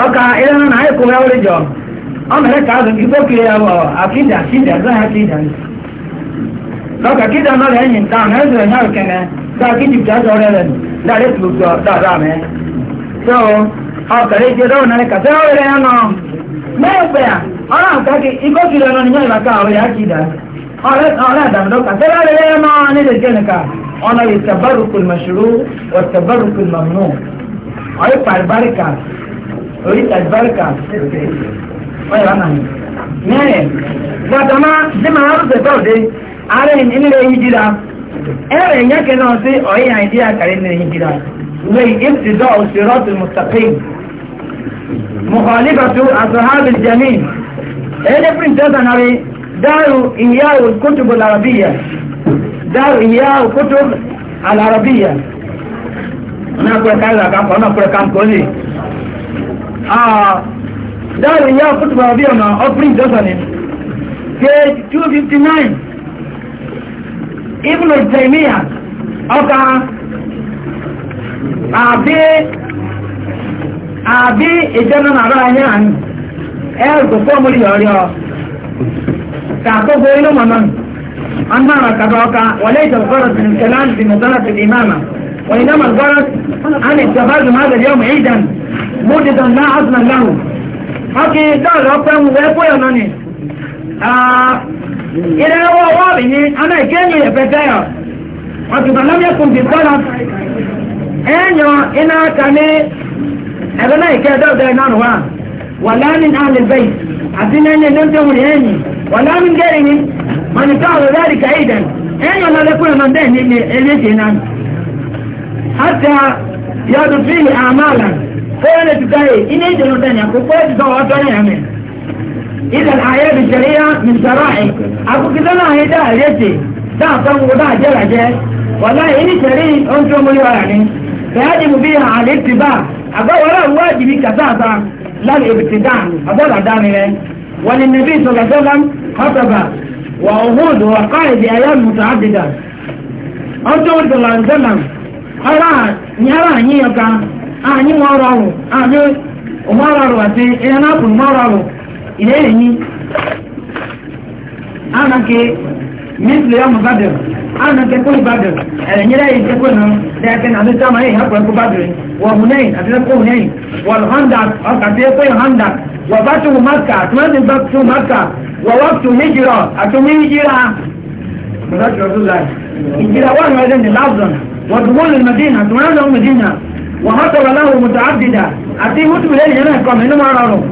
ọkà ìlànà náà ẹ̀kọ́ rẹ̀ wọlé jọ ọmọ rẹ̀ ká kiri ya wọ̀ àkídà kídà zọ́ ya lọ́kà kídà náà rẹ̀ yìn tán ẹ̀ zọ̀rọ̀ náà kẹ́nẹ́ dá bìtà zọ rẹ̀ rẹ̀ dá rẹ̀ sọ dáadáa mẹ́. so ọkà rẹ̀ jẹ́ dọ́wọ́ náà kàtẹ́ ọ̀rẹ́ rẹ̀ nọ. mẹ́rin pẹ̀ à ọ̀rọ̀ àkàkì ikọ́ kiri ọ̀nà nìyẹn ìlàkà ọ̀rẹ́ ya ọ̀rẹ́ àdàmdọ́kà tẹ́lẹ̀ ọ̀rẹ́ rẹ̀ oríta ìbáríkà ọ̀yọ̀ náà mẹ́rin gbàtàmá tí màá rúṣẹ̀ tọ́ọ̀dé ààrẹ nílé ìjìlá ẹ̀rẹ̀ ìyẹ́kẹ́ náà sí ọ̀yẹ́ àìdí àkàrí nílé ìjìlá lè ìbùsùdọ̀ òṣèrọ́tù mustapha mùkàlíbàtú àtúhábìl jami ẹ̀ẹ́dẹ́ píríntẹ́sà náà rí dáàrù ìyáwó kútùbù làrabíyà dáàrù ìyáwó kútùbù àlàrabíyà náà kúrẹ́ká Ah, dáàrí oh, yá fútùbà bí ọ̀nà ọ̀pìn jọ́sọ̀nì page 259 ibn taimiyya ọka àbí àbí ìjẹ́nà nàrá ayé àní ẹ̀rùkù fọ́mùlì ọ̀rẹ́ ọ kàkókò ilé mọ̀nà ọ̀nà àkàtà ọka wọlé ìjọba fọ́rọ̀ sí ní kẹlá وإنما الغرض عن التفاهم هذا اليوم عيدا مجدا لا أصلا له حكي دار أفهم ويقول أنني إذا هو وابني أنا كاني يفتايا وكما لم يكن في الطلب أن إنا كني، أبنا يكادر دينار وان ولا من أهل البيت عبدين أني نمتهم لأني ولا من غيري، من قال ذلك عيدا أن لا يكون من دهني اللي ناني hata yadu fihi amala fẹ́rẹ́ lè ti dáyé iná ìjẹun dẹ̀yà kò fẹ́ ti sọ̀rọ̀ ọ̀tọ́ yẹn mi. إذا الآية بالشريعة من شرائع أكو كذا لا هي ده ريتي ده تنو ده جل جل والله إني شريع أنتم مليون يعني فيجب بها على الاتباع أبا ولا واجب كذا لا الابتداع أبا لا دامي وللنبي صلى الله عليه وسلم خطبة وعهود وقائد أيام متعددة أنتم صلى الله عليه وسلم ọrụ a nyere anyị ọga anyị ọrụ ọrụ anyị ụmụ ọrụ ọrụ ati ihe na-apụ nwa ọrụ ọrụ ile enyi anake misli e, ya mubadil anake kuli badil ẹ̀yẹrẹ yìí ṣe pẹ̀lú ẹ̀kẹ́ náà ló sáma yìí hapọ̀ ẹ̀kú badil wọ̀ hunayin àti wọl honda wọ̀ handak ọkà tí maka maka ودخول المدينة تمام له مدينة وحصل له متعددة أتي مت بليه أنا كم هنا معرارو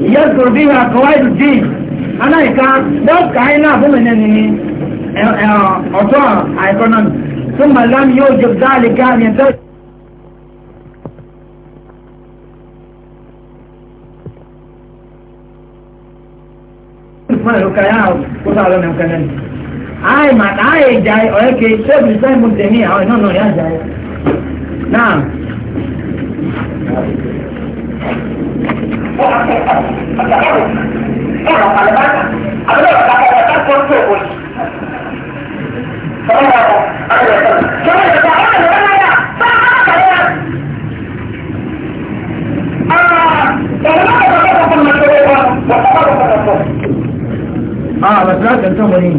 يذكر بها قواعد الدين أنا كان دوك عينا بمنني أطاع ثم لم يوجب ذلك أن ينتهي ai mata ai jai oye ke sebi sai mun temi ai no no ya jai na Thank you. a ba za ka tamo ne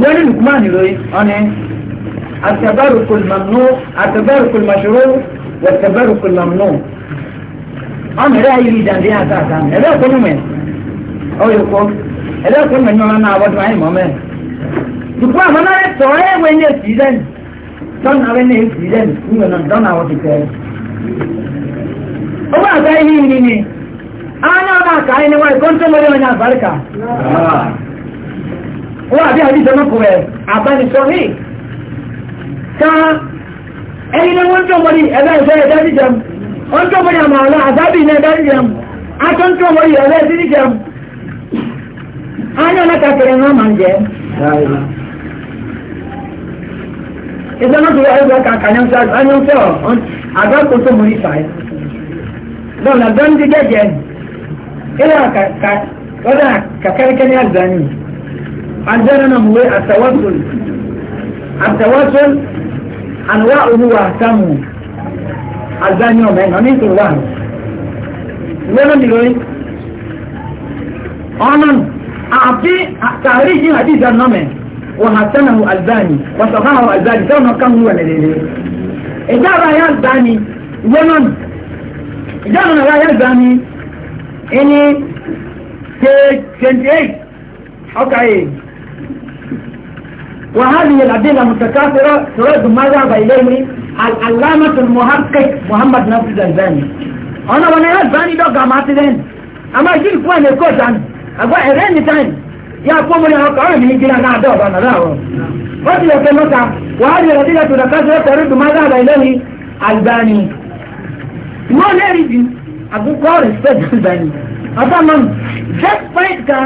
wani lukman roi wani التبارك الممنوع التبارك المشروع والتبارك الممنوع أم لا يريد أن يها تاتا لا كل من أو يقول لا كل من ما نعبد معي مؤمن دكوا ما نعرف سواء وين يسجدن تن أبين يسجدن كنا ندنا وتكلم أما هذا يهيني ana ba ah. ka aini wai kon to mori wani barka wa bi hadith na ko eh abani sohi ka ẹni na wọn tó mori ẹgbẹ́ da ẹ̀dá ní jẹun wọn tó mori àmà ọ̀la àzábì ní ẹ̀dá ní jẹun atọ́ tó mori ẹ̀dá sí ní jẹun ányọ́ náà kàkiri wọn máa ń jẹ ìsọ́nà tó yà ẹgbẹ́ kàkà ní ọ̀sẹ̀ àgbà kò tó mori fàáyé lọ́nà gbọ́n ti gẹ́gẹ́ ina ka wadda ka karkani aljani aljani na muwai a tawassul a tawassul anwa uruwa samu aljani o mai nani to wa lọ́nà nìlọrin ọ̀nàn àti tàríṣì àdìsá nọ́mẹ̀ wọ́n hasanahu aljani wọ́n sọ̀káhù aljani sọ́nà kan wúwa lẹ́lẹ́lẹ́ ìjára ya aljani lọ́nà ìjára ya aljani Any page 28 okay وهذه الأدلة المتكاثرة ترد مذهب إليه العلامة المحقق محمد ناصر الألباني أنا وأنا الألباني ده جمعت ذهن أما أجيب فوان الكوت عن أقوى إيراني تاني يا قوم لي أقوى من يجينا نعدو أنا راو فضل يتمتع وهذه الأدلة المتكاثرة ترد مذهب إليه الألباني ما نريد àkókò respect ìgbàanì àbámọ́ despite ka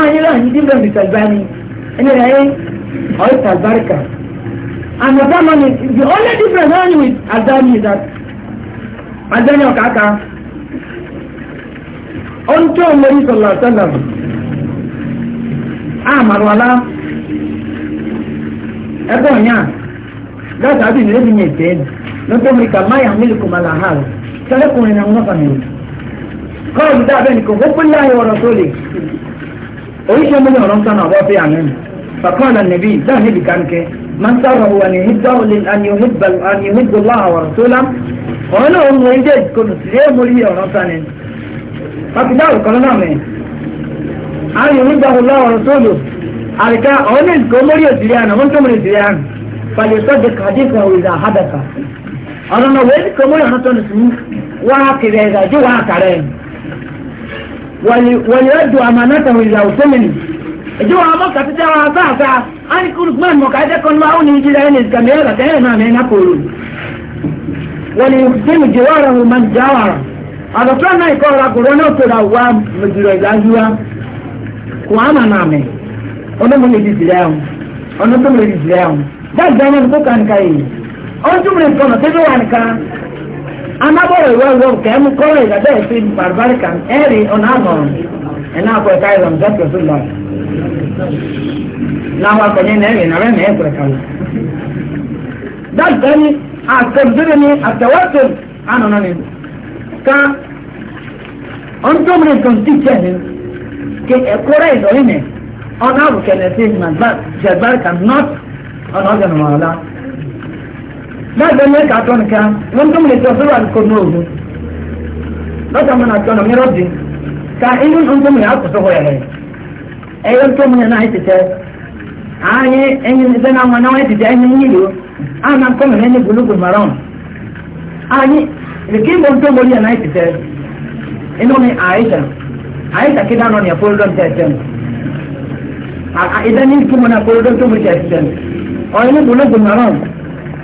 àyìnlá yìí dín bẹ́ẹ̀ mr ìgbàanì ẹni rẹ̀ ayé ọ̀rẹ́ tàbárìkà and àbámọ́ ni the only difference only with Azani is that àdáni ọ̀kàkà ohun tó ń lórí sọ̀lá sọ̀lá àmàlùwàlá ẹgbẹ́ ọ̀nyá dáàtà bí nìyẹn ti yẹn tẹ́ lọ́tọ́ mi kà máyà mílíkù màlá hàlù sẹ́lẹ̀kùnrin náà wọ́n fàmì rẹ̀ kọ́ọ̀lù dábẹ́ nìkan ó pín láyé ọ̀rọ̀ tó lè oríṣẹ́ mú ní ọ̀rọ̀ ń sọ náà wọ́n fi àmì rẹ̀ fàkọ́ọ̀lù nàbí dáhùn níbi kánké máa ń sáwọ̀ wà ní ìdáwọlé àníhìbọ̀lá ọ̀rọ̀ tó lá ọ̀rọ̀ náà ń mú ilé ìkọlù sílé mórí ọ̀rọ̀ sani pàtìdáwò kan náà mẹ́ àníhìbọ̀lá ọ̀rọ̀ tó lò àríkà ọ̀rọ̀ náà ìkọ́ mórí òsìlẹ̀ àná wọ́n tó mórí òsìlẹ̀ àná pàlẹ́ sọ́dẹ̀ kàdé ọ̀nà ọ̀nà wẹ́ẹ́dì kan mọ́lẹ̀ hàn tọ́nù fún wá kiri ẹ̀dá ju wá kàrẹ́ ẹ̀ wọ̀lì ẹ̀dùn àmàlẹ́tà ìlà òsèmìnì ìjọ wa ọmọ kàtúntà wa bá àgbà ánì kúrùsùmán mọ̀ká ẹ̀dẹ́ kan máa ń yíjí lẹ́yìn nìkan ní ẹ̀rọ tẹ́lẹ̀ náà ní nàkóró wọ̀lì òsèmì jẹ́ wàrà wọn máa ń já wàrà àdọ̀tọ́ náà ìkọ́ ọ̀rọ̀ àkùrọ̀ náà tó ra wà mẹ̀jùrọ̀ ìdájúwá kò á mà nà mẹ́ ọdún mọ̀ lè di ìdílé àwọn ọdún tó mọ̀ lè di ìdílé àwọn ọdúnrún nǹkan ọ̀nà tẹ́lẹ̀ wà nìkan anábọ̀rọ̀ ìwé ìwé òkè ẹ̀mú kọ́rọ̀ ìdàbẹ̀ ẹ̀sìn barbarica ẹ̀rì ọ̀nà àmọ̀ràn ẹ̀nà àpò ẹ̀ka ìrọ̀m zọ́pẹ̀ tó lọ. láwọn akọ̀nyẹ nẹ́rì nàrẹ́ nà ẹ̀kọ̀ ẹ̀ka lọ. dáàbò ní àtẹ̀dúró ní àtẹ̀wọ́tò ànànà ni ká ọdúnrún nǹkan tí kẹ́ ni kí ẹ̀kọ́rẹ́ ìdọ̀rí nẹ̀ ọ̀nà àbùkẹ́ nẹ̀ sí láti ẹni ẹka atọ nìkan wọn tó mìíràn tó ọsọ wà lóko náà ògùn lọ́sọ̀ mọ́ náà tọ́nà mìíràn dì ká inú ń tó mìíràn àkóso wọ̀ yẹrẹ ẹyọ tó mìíràn náà ti tẹ ààyè ẹyin ní sẹ́nà wọn náà ti tẹ ẹyin nílò àná kọ́ mìíràn ní gbólógbò mọ́rán ààyè ìrìkì ìbò tó mìíràn náà ti tẹ inú mi àyíṣà àyíṣà kí dáná ní ẹ̀fọ́ lọ́dún tẹ̀ tẹ̀ ìdání ìtumọ̀ náà kó lọ́dún tó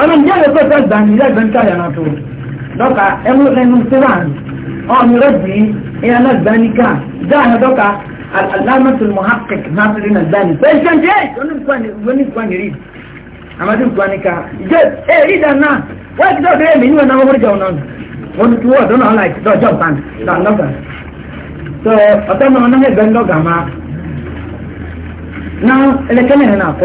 ọ̀nà ìjẹ́ rẹ̀ pẹ̀lú ẹgbà ní ilé ìgbẹ́ntà yàrá tó dọ́kà ẹmúlẹ́nu síwáàní ọ̀nà rẹ̀ bí ìyá náà gbẹ́ ní ká dáhà dọ́kà alámẹ́tòlù mohakik náfẹ́lẹ́ náà gbẹ́ ní pẹ́ṣẹ́ntẹ́ oníkwánìrí àmàdé nkwanika jẹ́ èyí dáná wọ́n ti dọ́kà ẹ̀mí níwọ̀n náà wọ́n jẹ́ ọ̀nà wọ́n ti wọ́n dọ́nà ọ̀nà ìdọ́jọ́ ban lọ́gà so ọ̀tọ́ náà ọ̀nà ẹgbẹ́ ńlọ́gà máa náà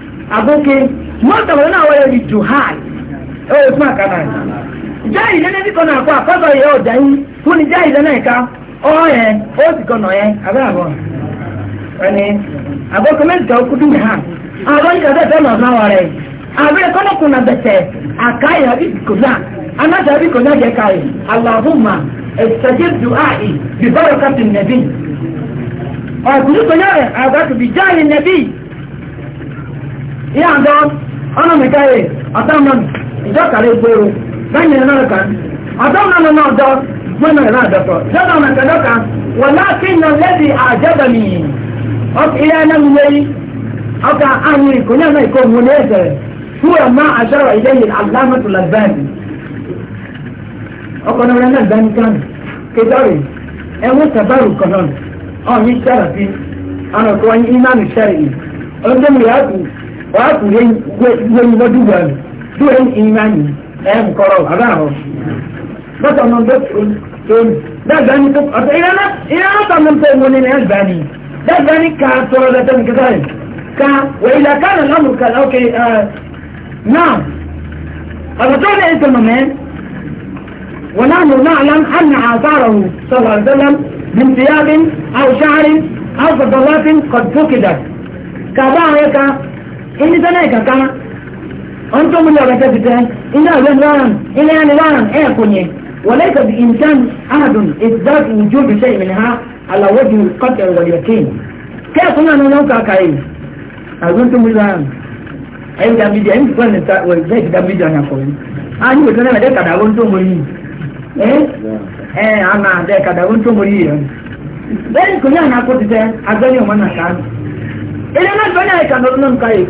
àgókè mọ́tàwọn náà wọ́n yẹ juhal ẹ wọ́n fún àkàrà yìí jáì lẹ́nà bí kan náà kọ́ àkọ́sọ̀ yẹ ọ̀dà yìí fún ni jáì lẹ́nà ìka ọ̀ yẹ ó sì kọ́nà yẹ abẹ́ àbọ̀ ẹni àgókè mẹ́tìkà ó kúdú yìí hàn àwọn ìjà bẹ́ẹ̀ tẹ́lọ̀ náà wọ̀ rẹ̀ àbẹ́ kọ́nàkùn náà bẹ̀tẹ̀ àkáyà bí kò náà anájà bí kò náà jẹ́ káyì aláhùnmá ẹ̀sẹ̀jẹ̀ duhai bíbọ̀rọ̀ kápẹ̀ nẹ̀bí ọ̀gbìn ihe àdọ́ ọ̀nà mìkáyè ọ̀tọ́mọ̀ ìjọ́kàrẹ́ ìgboro lẹ́yìn náà kan ọ̀tọ́mọ̀ náà náà dọ́ gbọ́nà náà dọ́tọ̀ dọ́tọ̀ náà kan dọ́kan wọ́n láti nà lẹ́bi àjẹ́bẹ̀mì ilé ẹ̀nà mi lé ọkà àyìn kò ní ẹ̀nà ìkó mu ní ẹ̀sẹ̀ fúwẹ̀ má àṣọrọ̀ ilé yìí alámọ̀tò làbẹ́ẹ̀ni ọkọ̀ náà náà gbani kan kéjọ́rì ẹ̀wọ́n sàbẹ̀rù kan náà ọ̀nyí sẹ́rẹ̀ sí ọ̀nà kò wọ́n yín iná ọdún mi وعطوا لي يمدوا بالي دو عين إيماني أهم قرار هذا هو بس أنا ندخل كم ده زاني كم أرد إلا أنا إلا أنا تعمل فيه من الناس زاني ده زاني كاتورة ده تم كذا كا وإلا كان الأمر كان أوكي آه. نعم هذا طول إنت ممان ونحن نعلم أن عثاره صلى الله عليه وسلم من ثياب أو شعر أو فضلات قد فقدت كذا هيك ẹni tẹ́lẹ̀ kàkà ọ̀n tó múlẹ̀ ọ̀gá tẹ́bi tẹ́ ilé ọ̀gbẹ́ lọ́rùn ilé ẹni lọ́rùn ẹ̀ kò yẹ wọlé ha àlàwọ́ ju kọ́tẹ̀ wọlé kéè kẹ́ẹ̀kún náà nínú kàkà yìí àgbọn tó ilé náà tó ní àìsàn lọ́dún náà ń ka ni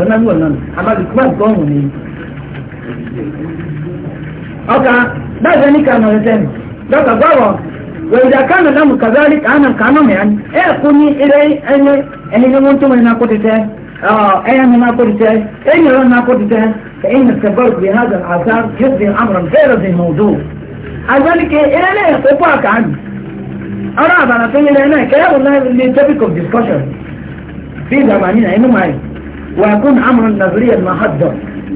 ọ̀nà ń wọ̀ àbájúkúmọ̀ ìkọ́ òun ni. ọkà dáàbò ní kànú ẹsẹ̀nu dọ́kà gbọ́wọ̀ wẹ̀dà kánú náà mú kàzáàlì kánú kánú mìíràn ẹ̀ kú ní ilé ẹni ẹni ní wọ́n tó wọn náà kó ti ẹ̀yà ní náà kó ti ẹ̀yìn ọ̀rọ̀ náà kó ti ẹ̀yìn ìsẹ̀bọ̀rù bí في زماننا إنه معي ويكون أمر نظريا محدد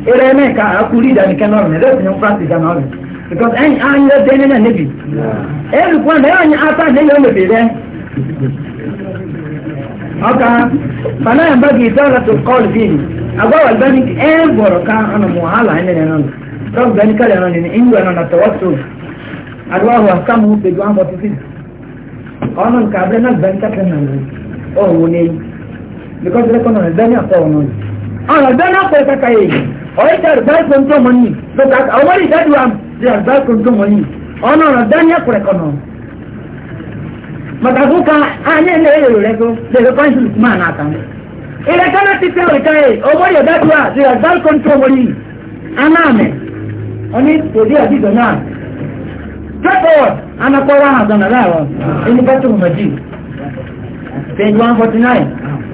إلى ما كأقولي ده كنور نرد نفاس زمان because أي أي لا دين لنا نبي أي كون لا أي أتا نبي نبي ده أوكا فلا ينبغي دولة القول فيه أقوى البنك أي بركة أنا مهلا هنا لنا طب بنك لنا لنا إنه أنا نتوسل الله أحكمه بجوان بطفين قانون كابلنا البنك لنا أوه ونين because they kono dani apo ono ala dani apo kaka ye oye tar dai kon to moni do ka awari dadu am they are dai kon to moni ono na dani apo kono makabuka anye ne le le ko de ko kan su ma na kan ile kana ti te o kai owori dadu a they are dai kon to moni aname oni to dia di dona Straightforward, and a corner on the level in the bathroom, Page 149.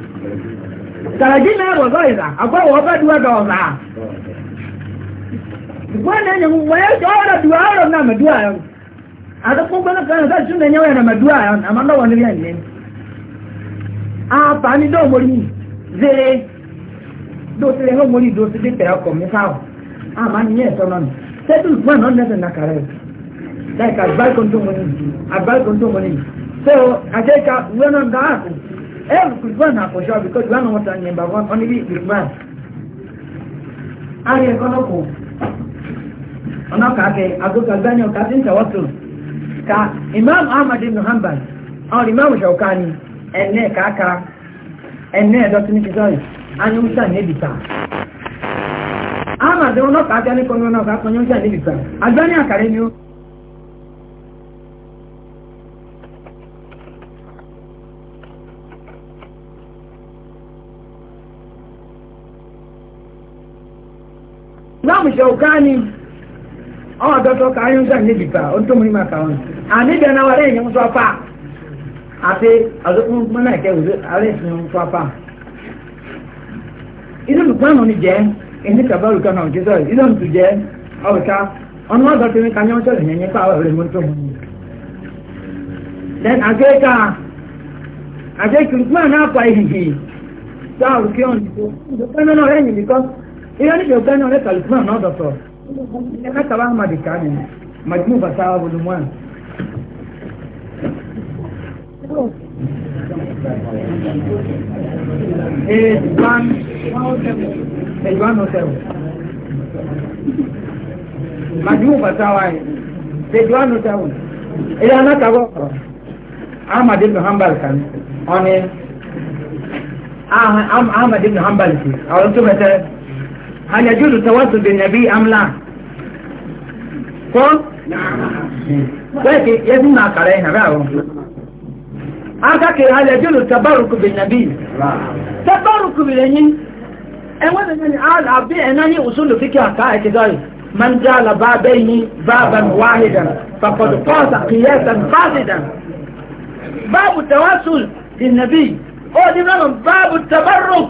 kàrà na-arọ ọzọ ịza agbaghọ ọba duwa gị ọza gwa na-enye m wee ji ọrụ duwa ọrụ na maduwa ya adịkwa ụgbọ na kanada ju na-enye ya na maduwa ya na ama ndọwọ nri ya nye apa ni dọ mori zere dosire tere ọkọ mi sáwọ ama ni nye na so every Qurban na for sure because you know what I mean by one only Qurban. Ari ẹ̀kọ́ agogo agbáyọ̀ kàkẹ́ ka Imam Ahmad ibn Hanbal Imam Shaukani enne kaka enne ẹ̀dọ́tún ní kìsọ́rì anyọ́mùsà níbi ta. Ahmad ọ̀nà kàkẹ́ ní kọ́ni ọ̀nà kàkọ́ láàmù ṣọ̀kánì ọwọ́ àdọ́tọ́ ká yóò sàn níbi pa ó tó mú ní màkà wọn àníbi ẹ̀nà wà lẹ́yìn ń sọ́pà àti àdókùn mọ́nà ìkẹwò alẹ́ ìsìn ń pa. inú mi pọ́nmù ni jẹ́ ẹni kàbá náà ti sọ̀rọ̀ inú mi tù jẹ́ ọ̀nà wà mi ká sọ̀rọ̀ yẹn nípa àwọn ọ̀rẹ́ mú mi. ihe ni bẹ̀rẹ̀ gánà ọ̀rẹ́ talisman náà dọ̀tọ̀ ẹ̀ka tàbá ahmad kàánì majmu basa volume one. Eight one eight one oh seven. Majmu basa wa ye eight one oh seven. Ilé anákàbọ̀ Ahmad ibn Hanbal kan ọ̀ni Ahmad ibn Hanbal kì àwọn tó bẹ̀tẹ̀. هل يجوز التواصل بالنبي أم لا قل نعم. لكن معك علينا معه اعتقد هل يجوز التبرك بالنبي نعم. تبرك بالنبي أولا من آل عبدي أنني أصول فيك أكاك ذلك من جعل بابين بابا واحدا فقد فاز قياسا فاسدا باب التواصل للنبي هو دي باب التبرك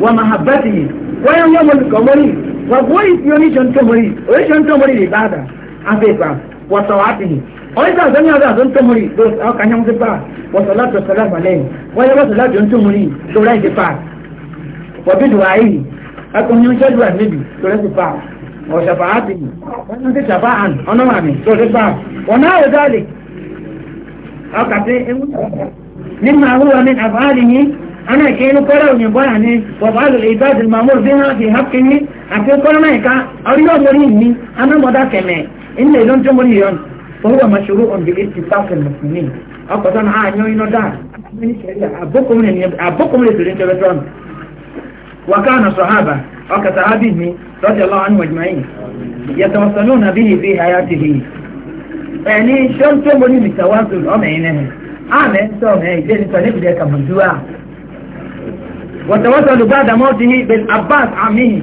ومحبته ويوم القمري وقويت يونيشن تمري ويشن تمري لبعض عفيفا وطواته وإذا سمع ذا سن تمري دوس أو كان يوم زبا وصلاة والسلام عليه ويوم صلاة يوم تمري دولاي زبا وبدعائه أكون يوم شجوة النبي دولاي زبا وشفاعته ويوم شفاعا أنا مامي دولاي زبا ونحو ذلك أو كاتي نما هو من أفعاله أنا كينو كرا ونبوي أني وبعض العباد المأمور بها في حقه أكو كرا ميكا أو يوم مريني أنا مدى كمي إن لون تمريون فهو مشروع بالاستفاق المسلمين أقصد ها عنيو ينو دار أبوكم من أبوكم من السلطة وكان صحابة وكصحابه رضي الله عنه أجمعين يتوصلون به في حياته يعني شلتم لي بالتواصل أم عينه أعمل سوم هاي جيني طريق ديك وتواصل بعد موته بالعباس عمه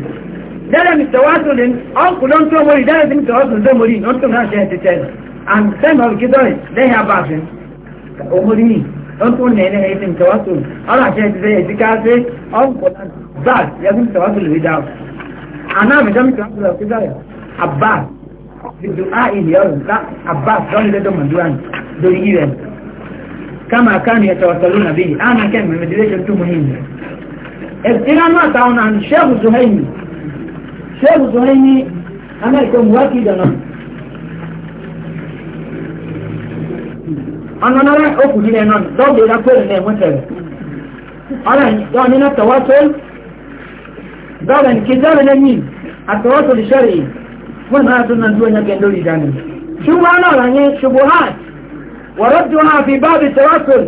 دلم التواصل أنكو لن تموري دلم التواصل دموري أنتم لا شيء تتالي عن سمع كده ده عباس أموري أنتم نهنا هيتم التواصل أنا شيء تتالي اتكاسي أنكو لن بعد يجب التواصل بداو أنا مجمع التواصل كده عباس بدعاء اليوم لا عباس دون لدو من دوان دون كما كانوا يتواصلون به أنا كان من مدرسة مهمة الكلام عن عن الشيخ الزهيمي الشيخ الزهيمي أنا يكون واكد أنا أنا انا نرى أكو هنا نان ضد إلى كل انا مثلا أنا يعني التواصل كذاب انا مين التواصل الشرعي كل ما أظن أن دون كان دولي داني شو أنا يعني شبهات وردها في باب التواصل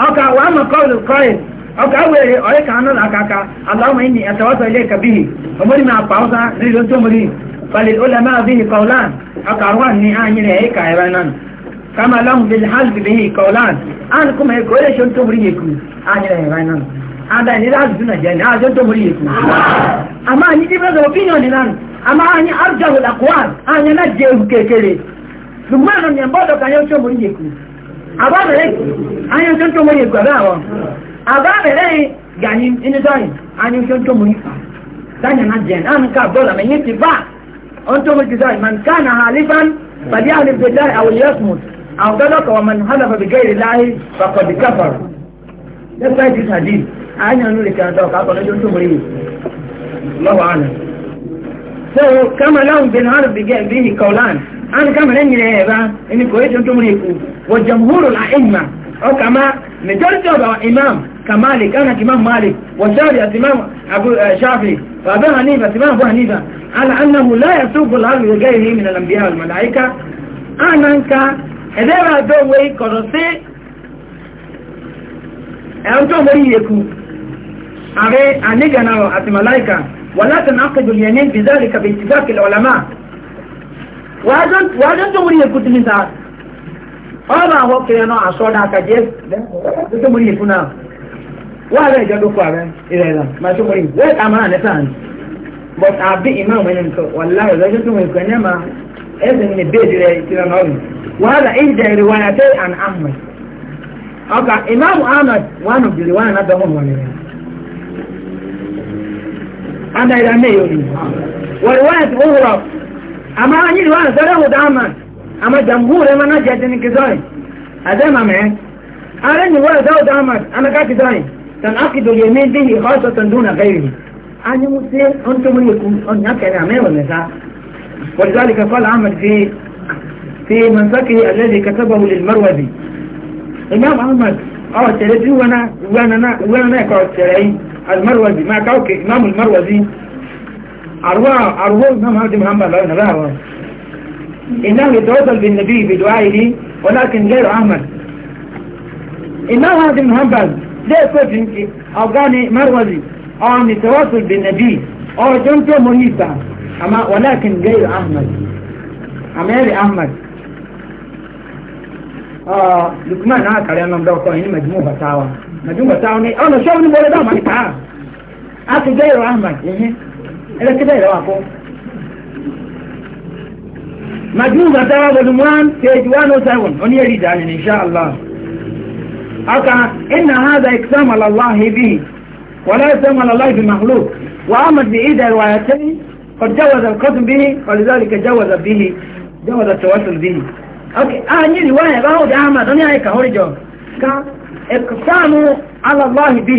أوكا وأما قول القائل أوكا أول أولئك أنا الأكاكا اللهم إني أتوسل إليك به ومري مع الطاوسة نريد تمري فللعلماء به قولان أوكا أرواني أعني لأيك أيوانا كما لهم بالحلف به قولان أنا كم هيك ولا شن تمري يكو أعني لأيوانا هذا اللي لازم نجاني هذا شن تمري يكو أما أني دي بلد وفيني لأن أما أني أرجع الأقوال أنا نجيه كيكيلي ثم أنا من ينبضك أن يوم تمري يكو abábẹ̀rẹ̀ ayé tó ń tó mọ́yé gbàgbà àwọn abábẹ̀rẹ̀ gàní inú sọ́yìn ayé tó ń tó mọ́yé fà sáyẹn náà jẹ́ náà nǹkan bọ́ọ̀lù àmì yín ti bá ọ̀n tó mọ́yé sọ́yìn man ká na halifan pàdé àwọn ìfẹ́ láì àwọn yẹ́sùmùt àwọn gbọ́dọ̀ kọ̀ man hànà fàbí gẹ́rì láì fàkọ̀dì káfàr lẹ́fẹ̀ẹ́ ti sàdí ayé náà nù lè kẹ́ lọ́wọ́ àná. أنا كما لن يهبا إني كويس أنتم ريكو وجمهور الأئمة أو كما مجلس إمام كمالك أنا كإمام مالك وشافعي إمام أبو آه، شافي وأبو حنيفة أتمام أبو حنيفة على أنه لا يسوق الأرض لغيره من الأنبياء والملائكة أنا كا إذا ما دوي كرسي أنتم ريكو أبي أنيجنا أتملايكا ولا تنعقد اليمين بذلك باتفاق العلماء wajen jamhuriyar musulmi ta ọba ahụ kere nọ asọ da aka je jamhuriyar kuna wa zai jado kwa ran irela ma jamhuriyar wai kama na ta but imam wani nka wallahi zai jado mai kwanye ma ẹsẹ ni bẹẹ dirẹ tira nọọrin wa da in da riwaya dai an ahmad ọka imam ahmad wa nu bi riwaya na dọmọ wọn ne ana ira ne yori wa riwaya اما اني لو ازره ودام اما جمهور انا جدن كزاي هذا ما من انا ني ولا زو دام انا كاك زاي كان اكيد اليمين دي خاصه دون غيري اني مسي انت من يكون ان يكن امام النساء ولذلك قال عمل في في منسكه الذي كتبه للمروزي امام احمد او تريد وانا وانا وانا كاوتشي المروزي ما كاوكي امام المروزي أرواح أرواح نعم هذه محمد لا نراه إنه يتوصل بالنبي بدعائه ولكن غير عمل إنه هذه محمد زي كوتشنكي أفغاني مروزي أو آه، يتواصل بالنبي أو جنته مريبا أما ولكن غير أحمد أما آه، آه، غير أحمد آه لكمان هكذا أنا مدوطة هنا مجموعة تاوى مجموعة تاوى أنا شو من بولدام أنا تعال أكي غير أحمد ẹlẹ́kẹ́tẹ́ ìrẹ́wà fún. Majmu Gatara Volume 1, page 107, oní ẹ̀rí ìdáni ní ṣáàlá. Aka, ina ha da ikisam alallahi bi, wala ikisam alallahi bi mahluk, wa amad bi ida riwayatai, qad jawaza al-qasm bihi, wa lidhalika jawaza bihi, jawaza tawassul bihi. Okay, a ní riwaya báwo da Ahmad, oní ayé ka horijo, ka ikisam alallahi bi,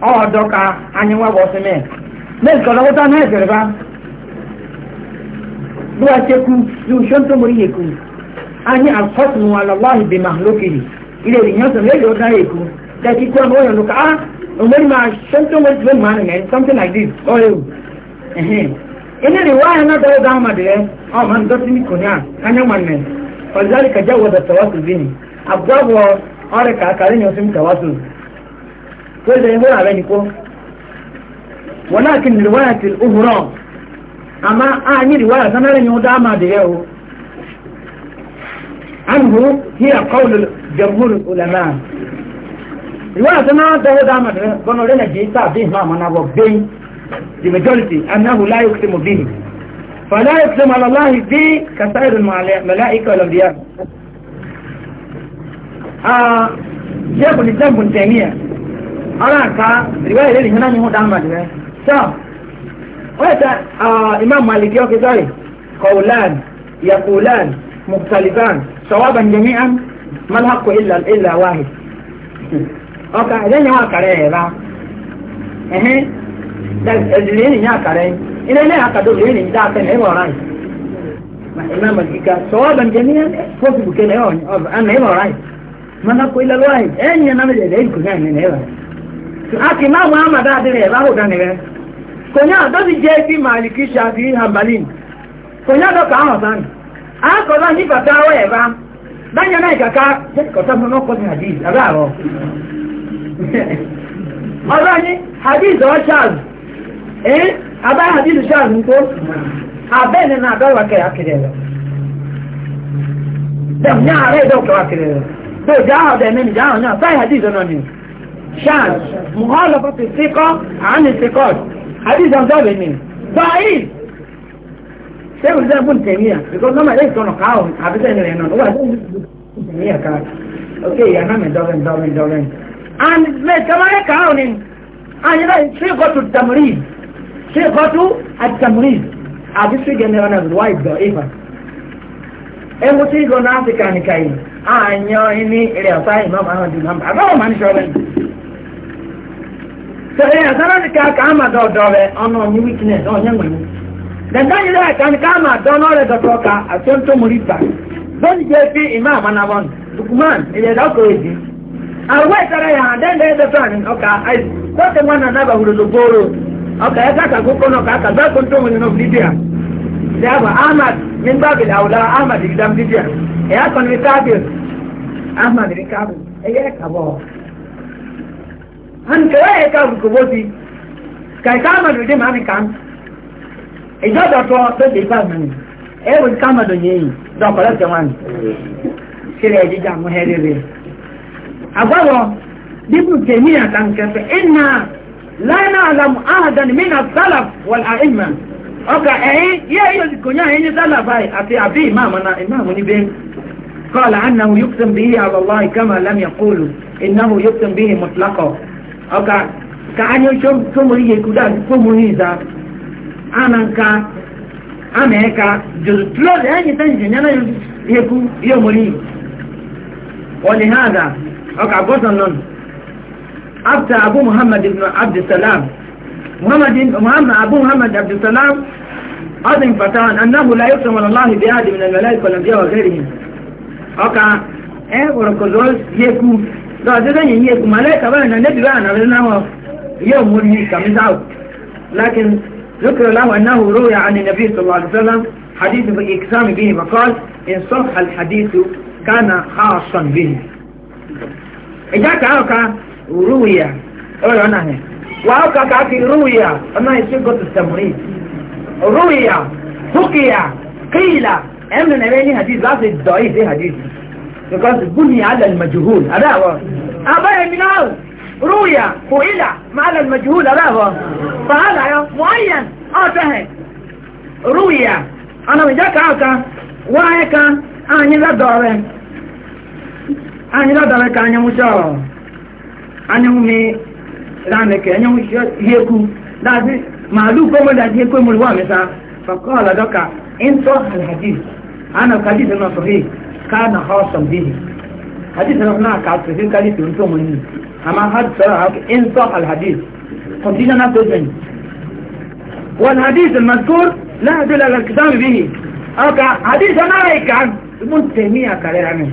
ọ dọka anyị nwa bụ ọsịmị mezika ọdọkụta na ezere ba bí wàá ṣe kú ní oṣù tó mọ̀ yẹ kú anyị àkọsùn wọn lọ́wọ́ ìbí mà lókèrè ilé ìyẹn sọ lẹ́yìn ọ̀dá yẹ kú dẹ́kí kú ọmọ yẹn lóka ah òmìnir ma ṣe tó mọ̀ ìbí mà nìyẹn something like this ọ ewu ilé ìwà yẹn náà tọ́wọ́ dáhùn màdìrẹ ọ mà ń dọ́tí ní kòní à ányá mà nìyẹn ọ̀dọ́ àríkàjá wọ̀ فإذا يقول عليه كفر ولكن رواية الأخرى أما أعني رواية أنا لن يودع ما ديهو عنه هي قول جمهور العلماء رواية أنا تودع ما ديهو قلنا لنا جيسا به ما منا به the majority أنه لا يقسم به فلا يقسم على الله به كسائر الملائكة والأنبياء آه شيخ الإسلام بن تيمية رواية ليلي هنا نمو دعما جميعا سو ويسا امام مالك يوكي سوري قولان يقولان مختلفان صوابا جميعا ما الحق إلا إلا واحد اوكا اذن يوا كريه با اهي دل اجلين يا كريه إلا ليه اقدو جلين اجداء تن ايو راي ما امام مالك يكا صوابا جميعا فوق بكين ايو اما ايو راي ما الحق إلا الواحد اين ينامي جلين كنان ايو راي aki ma mu amada adịrị ebe ahụ ganire konya adọbi jp maliki shafi hambalin konya adọ ka ahụ sani akọrọ anyị bata awa ebe danya na ikaka jekọta mụ n'ọkọ dị hadiz ara arọ ọrụ anyị hadiz Chaz. ee aba hadiz shaz nkwo abene na adọwa adọ wakere akịrịrị dem nye ara ịdọ wakere akịrịrị doji ahụ dị eme nje ahụ nye ọsa hadiz ọ nọ n'ihu شاذ مغالبة الثقة عن الثقات حديث أمزاب منه ضعيف شيخ الإسلام ابن تيمية يقول لما ليس كانوا قاوم حافظين العنان هو ابن تيمية كان أوكي يا نعم دولين دولين دولين عن كما يكاون عن صيغة التمريض صيغة التمريض هذه صيغة نرانا وايد ضعيفة ẹmu tí ìgò náà ti kàn nìkan yìí àyàn ẹni rẹ̀ ọ̀sá ìmọ̀ àwọn ọ̀dùnmọ̀ àbáwọ̀ máa ń ṣọ́ọ́rẹ́ yìí. sọ̀rọ̀ ya sọ̀rọ̀ ní ka ká máa dọ̀dọ̀ rẹ̀ ọ̀nà weakness ọ̀nyẹ́ wẹ̀mú. Dẹ̀dá yìí rẹ̀ kan ká máa dán náà rẹ̀ dọ̀tọ̀ ka àti ohun tó mú rí gbà. Bọ́ọ̀nì jẹ́ fi ìmọ̀ àmànàbọ̀n Dùkúmán ìrẹ̀dá ọkọ̀ èdè. Àwọn ìtara yà dẹ́ndẹ́ dọ̀tọ̀ àní ọkà na Bọ́ọ̀tẹ̀ wọn nà dábà wúlò lóbóró. Ọkà ẹ̀ka àtàkókò aka kàkà bá kó tó múlò náà Lídíà. agba Ahmad ní Bábìlì Ahmad an kẹrẹ yẹ ká kòkòbó sí kàìká àmàdò dé màá mi kà ń ìjọba tó bẹ́ẹ̀ bá mi ni ẹ wò ká àmàdò yẹn yìí dọ̀kọ̀lọ́ tẹ̀ wá ní sílẹ̀ ìdíjà mú hẹ́rẹ́ rẹ̀ àgbọ̀wọ̀ bíbù tèmi àtàǹkẹ́fẹ́ ẹ̀nà láìná àlàmù áhàdàn mìíràn sálà wọ̀l àìmà ọkà ẹ̀yìn yẹ́ yóò sì kòyà ẹ̀yìn sálà báyìí àti àbí ìmáàmù náà ìmáàmù níbẹ̀ قال أنه يقسم به على الله كما لم يقول إنه يقسم به مطلقا ọka ka anyị chomori ihe kuda chomori iza ana nka ana eka jozu tulori anyị ta nje nyana ihe ku ihe omori wani ha da ọka bọtọn nọ after abu muhammad ibn abdulsalam muhammad muhammad abu muhammad abdulsalam azim fatan annahu la yusma allah bi ahad min al malaika wal anbiya wa ghayrihim ọka e wọrọ kọzọ ihe ku náà ṣe lẹ́yìn yìí ẹkùn màlẹ́kà báyìí náà nẹ́bí báyìí náà náà yóò mú ní kàmíṣáwò lákin ذكر له أنه روي عن النبي صلى الله عليه وسلم حديث بالإكسام به فقال إن صح الحديث كان خاصا به إذا كأوكا روي أولو أنه وأوكا كأكي روي أنه سيقة التمريض روي حكي قيل أمن نبيني حديث لا في الضعيف حديث because buni ala almajhul adawa abaya minau ruya fuila ma ala almajhul adawa fahala ya muayyan atahe ruya ana mjaka aka waeka anyi la anyi la ka anyi musho anyi mi lane anyi musho yeku dadi malu komo dadi yeku mulwa فقال الحديث الحديث صحيح kana hasan bihi hadith na na ka tsin kali tun to mun amma had sara in sah al hadith condition na tozan wal hadith al mazkur la dal al kitab bihi aka hadith na rai ka mun temiya kare ran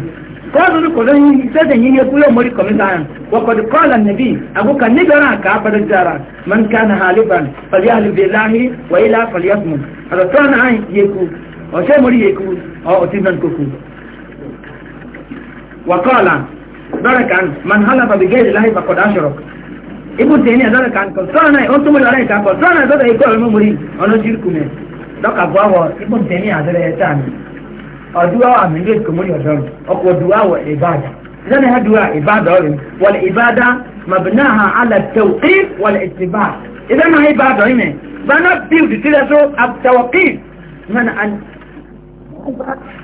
kazo ni kodan yi sada yin ya kuyo mori komisan wa qad qala an-nabi abu kan nigara ka fada jara man kana haliban falyahlib billahi wa ila falyasmut ala tana ay yeku o se mori yeku o tinan koku وقال ذلك من حلف بغير الله فقد اشرك ibn tẹ̀yìn ẹ̀dọ́rẹ̀ kan kan sọ́nà ẹ̀ ó túnmọ̀ lọ́rẹ̀ ìka kan sọ́nà ẹ̀dọ́rẹ̀ ikọ̀ ọ̀rọ̀ mọ́mọ́rí ọ̀nà ṣírkù mẹ́ lọ́kà bọ́ àwọ̀ ibn tẹ̀yìn ẹ̀dọ́rẹ̀ ẹ̀ta mi ọ̀dúwà àmì ilé ìkọ̀mọ́rí ọ̀dọ́ mi ọkọ̀ ọ̀dúwà wọ̀ ìbàdà ìdáni ha dúwà ìbàdà ọ̀rẹ́ wọ̀lẹ̀ ìbàdà mabinaha ala tẹ̀wọ̀kì wọ̀lẹ̀ ìtìbà ìdáni ha ìbàdà ọ̀rẹ́ mẹ́ bana bíi òtítí lẹ́sọ́ àtẹ̀wọ̀kì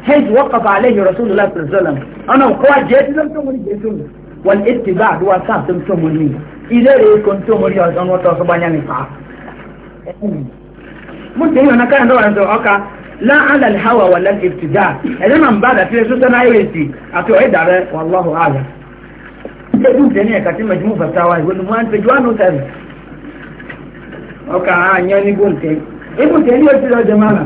حيث وقف عليه رسول الله صلى الله عليه وسلم أنا قوى جيت لم تمني جيتون والاتباع دوا ساتم تمني إذا يكون تمني أن وتصبني نفع ممكن هنا كان دور أنت أوكا لا على الهوى ولا الابتداع إذا من بعد في رسول أنا يريتي أتوعد والله أعلم تدوم تاني كاتي مجموع فتاوى يقول ما أنت جوان وتاني أوكا آه يعني قلت إيه قلت إيه يرسل يا جماعة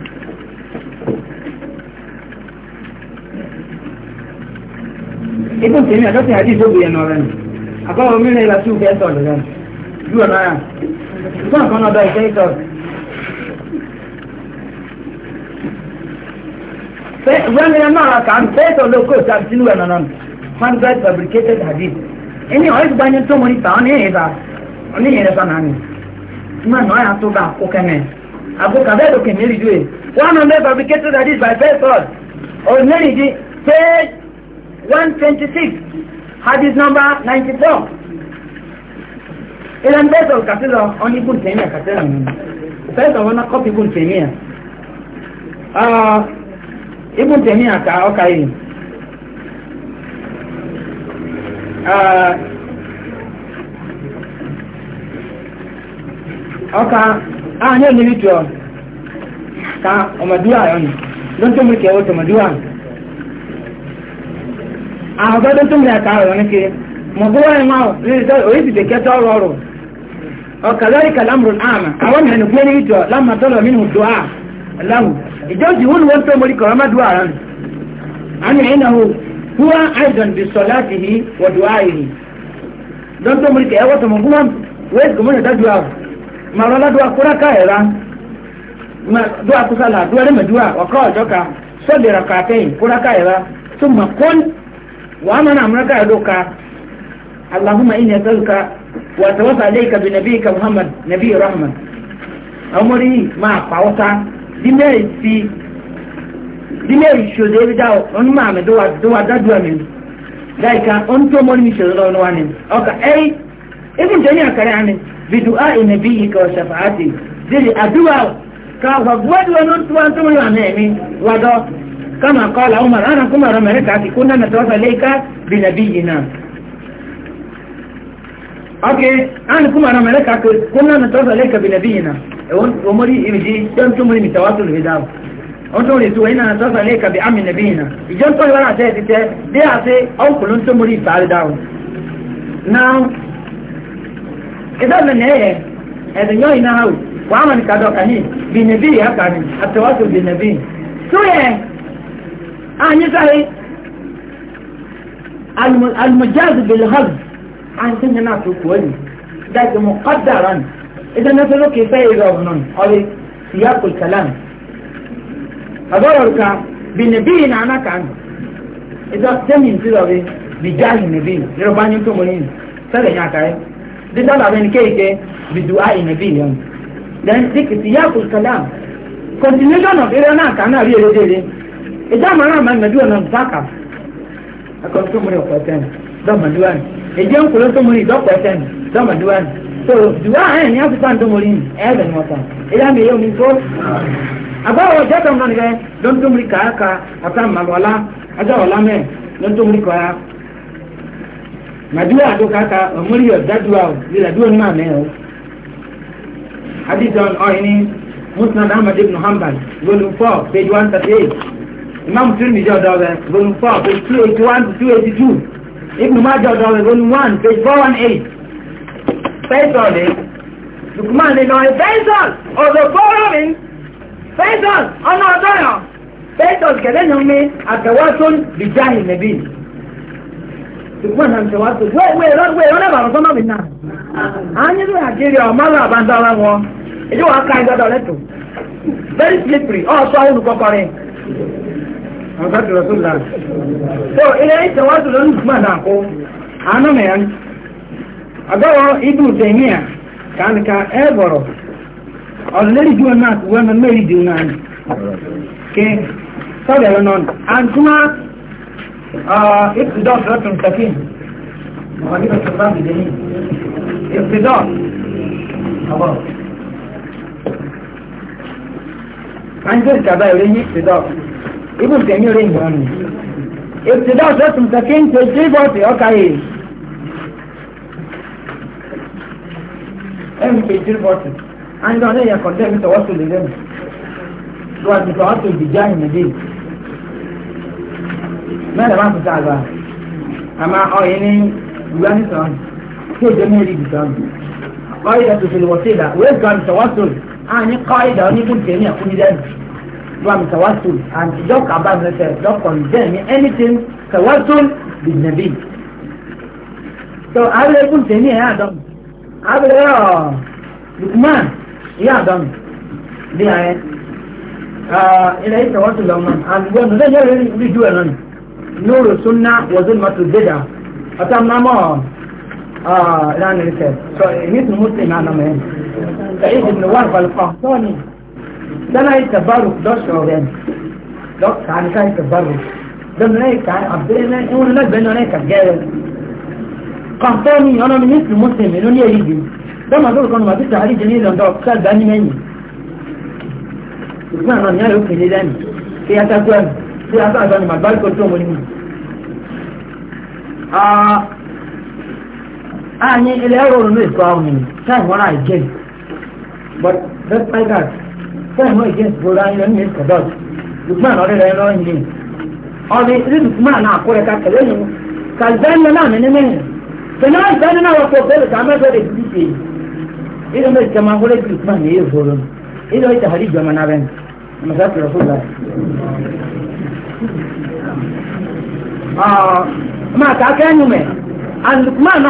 Ibn Taymiyyah àdọ́tí àdìsí òbí ya rẹ̀ nù. Àkọ́wọ́ ọrụ mmiri na bẹ́ẹ̀ tọ̀ lọ́dọ̀ nù. Ju ọ̀nà yà. Ìgbọ́n kan náà dọ̀ ịtọ. ìtọ̀. When we are not account, based local subsidy, we are not one guy fabricated hadith. Any oil buying so any is that, only Man, no, I have to go, okay, man. I go, Kabe, okay, nearly do by first Or nearly, 126 hadith number 94 ìlànà bẹ́ẹ̀sọ̀ kàtílọ̀ ọ́n ibùn tẹ̀míà kàtílọ̀ bẹ́ẹ̀sọ̀ wọn náà kọ́pì ibùn tẹ̀míà ibùn tẹ̀míà ká ọkà yìí ọkà ààyè nílùú tó ká ọmọdúwà yọ̀nù lọ́tọ́mù kẹwọ́ tọmọdúwà yọ̀nù àwọn ọdún tó ń lè ka ọ̀rọ̀ ní kiri mọ̀gbọ́n ẹ̀ máa ní ìtọ́ oríṣi ti kẹta ọ̀rọ̀ ọ̀rọ̀ ọ̀kà lórí kàlámùrún àmà àwọn mẹ́rin pé ní ìtọ̀ lámàtọ́lọ̀ nínú dùá láwù ìjọ́sìn wọn wọ́n tó mórí kọ̀ọ̀má dùá rán àmì ẹ̀yìn náà huwa aidan bi sọláàtì yìí wọ dùá yìí dọ́n tó mórí kẹ̀ẹ́wọ́ tó mọ̀gbọ́n wẹ́ẹ̀sì gómìnà dádùá màrọ́ ládùá mọ̀ وأمن أمرك أدوك اللهم إني أسألك وأتوسع إليك بنبيك محمد نبي رحمة أمري ما أقعوتا دمير في دمير الشوزي بداو أنما عم دوا دوا دوا من ذلك أنتو مرمي شوزي ونوانين أوكا أي ابن جميع كريعني بدعاء نبيك وشفاعتي ذي أدوا كافا بودوا ننتوا أنتم يوانين وادو كما قال عمر أنا كما رمانك كنا نتوفى إليك بنبينا أوكي أنا كما رمانك كنا نتوفى إليك بنبينا ومري إمجي جنت مري متواصل الهداب أنتم لسوا هنا نتوفى إليك بعم نبينا جنت مري وانا تهدي تهدي دي أعطي أو كلون أنتم مري فعل داون now إذا من هي هذا يوين هاو وعمل كادوكاني بنبي هكاني التواصل بالنبي. سوية أعني سهي المجاز بالغض عن سنة ناسو كوالي ذات مقدرا إذا نسلو كيفية غضنون أولي سياق الكلام أضررك بنبي عنك عنه إذا اقتمين في ذلك بجاه النبي يربان يمتو ملين سهل يعكا دي طبعا بين كيكي بدعاء النبي يعني لأن ذلك سياق الكلام continuation of إيرانك عنها ريه ريه ìjà màrà màá mẹdúwà náà bákà akọsọmọrì ọkọ tẹn dọmọdúwà ni ìjà nkùlọ sọmọrì ìdọkọ tẹn dọmọdúwà ni so dùwà ẹ ní afisa ndomori ni ẹ bẹ ní wọn tán ìjà mi yẹ omi tó àbáwọ ọjọ tó ń lọ níbẹ lọńtòmùrì kàákà àtà màlúwàlá ajá wàlá mẹ lọńtòmùrì kọyà màdúwà àdó kàákà ọmọlì ọdádùwà ò ìdádùwà ní màmẹ volume four page one imam tirmidhi ọ̀dọ̀ rẹ̀ volume four page two eighty one to two eighty two ibn majah ọ̀dọ̀ rẹ̀ volume one page four one eight faisal ni lukman ni lọ́rin faisal ọ̀dọ̀ fọ́ọ̀rọ̀ mi faisal ọ̀nà ọ̀dọ̀ yàn faisal kẹlẹ́ yàn mi àtẹ̀wọ́sọ́n bìjà ìnẹ̀bí lukman náà tẹ̀wọ́sọ́n wẹ́ẹ̀wẹ́ ìrọ́lẹ́ bàbá sọ́nà mi náà àányẹ́ ló nàìjíríà ọ̀mọ́lá àbáńdọ́lá wọn ìdíwọ̀ aká ìdọ́dọ̀ lẹ́tọ̀ọ́ very slippery ọ̀ ọ̀gọ́dọ̀ rẹ̀ tó so ilé ìtẹ̀wájú ló ní ìgbà náà kó àánú mẹ́rin àgọ́wọ́ ibu tèmi à kànkà ẹ bọ̀rọ̀ ọ̀dọ̀lẹ́rì ju ẹ̀mí àti wẹ́mẹ̀ mẹ́rin dì náà ni kí sọ́dọ̀ ẹ̀rọ náà àǹtúmá ìpìdọ́s rẹ̀tùn tẹ̀fín ọ̀dọ̀ ìpìdọ́s bá mi dé ní ìpìdọ́s ọ̀bọ̀ àǹtúmá ìkàbá ibu tẹ̀mí orí ìgbọ̀n ni ètùdá ọ̀sẹ̀sùn tẹ̀kí ń pè tí bọ́ọ̀tì ọkà yìí ẹ̀ ń pè tí bọ́ọ̀tì àyìnbá ọ̀nà ìyà kọ̀dẹ́ mi tọ̀wọ́ tó lè lẹ́nu tó a ti tọ̀wọ́ tó ìdìjà ìmìdí mẹ́rin máa tuta àgbà àmà ọ̀yìn ní ìgbà nìkan tí èdè mi rí ìgbà ọ̀yìn ẹ̀tùtù lè wọ̀ sí ìdá wẹ́ẹ̀kan tọ̀wọ́ tó àyìn kọ́ ìdá onígun tẹ̀mí àkúnyẹ́dẹ́nu do am tawassul and you don't abandon yourself don't condemn anything tawassul with nabi so abẹ́rẹ́ kún tèmi ẹ̀ àdán abẹ́rẹ́ ọ̀ lukman ẹ̀ àdán bí i ẹ̀ ilẹ̀ yìí tawassul lọ́mọ and wọ́n nù lẹ́yìn ẹ̀rọ rí ju uh, ẹ̀ lọ́nà nuru sunna wazul matu bida ọ̀tá mamọ́ ẹ̀ lánàá uh, ẹ̀ sẹ́ so ẹ̀ ní tùmùsùn náà nà mẹ́rin ẹ̀ ẹ̀ ìdìbò wà lọ́kọ̀ tọ́ni dana yi tabaruk lọ́sọ̀rọ̀ rẹ̀ lọ́kà ní ká yi tabaruk dana yi ká abẹ́rẹ́ náà ìwọ̀n náà bẹ́ẹ̀ náà yi ká gẹ́rẹ́ kọ̀ǹtọ́ ni ọ̀nà mi ní ti mùsùlùmí ló ní èyí bi dọ́mà tó kọ́ni màá ti tà àríjẹ ní ìlọ́dọ̀ ká gbá ní mẹ́yìn ìgbà náà ní ayò kéde lẹ́nu kí yàtá tó ẹnu kí yàtá àgbà ni màgbá kò tó wọn ní. ààyè ilẹ̀ ẹ̀rọ òrùn ló ìkọ́ àwọn ènìyàn táì wọ́n náà jẹ́ but that's try that bẹ́ẹ̀ náà ìjẹ́ ìgbòrò ayé ní kẹ̀dọ́t lukman ọ̀rẹ́ rẹ̀ rán yìí ọ̀rẹ́ rí lukman àkúrẹ́ ká kẹ̀lé yìí kàlùbẹ́ẹ̀ni náà mi ní mẹ́rin tẹ̀lé àìsàn náà wọ́n fọ́ bẹ́ẹ̀lì ká mẹ́fẹ́ rẹ̀ ti dìde ilé mi jama wọlé bí lukman ní yé ìgbòrò ilé mi tàhárí jama náà bẹ́ẹ̀ mọ̀sá kìlọ̀ fún bá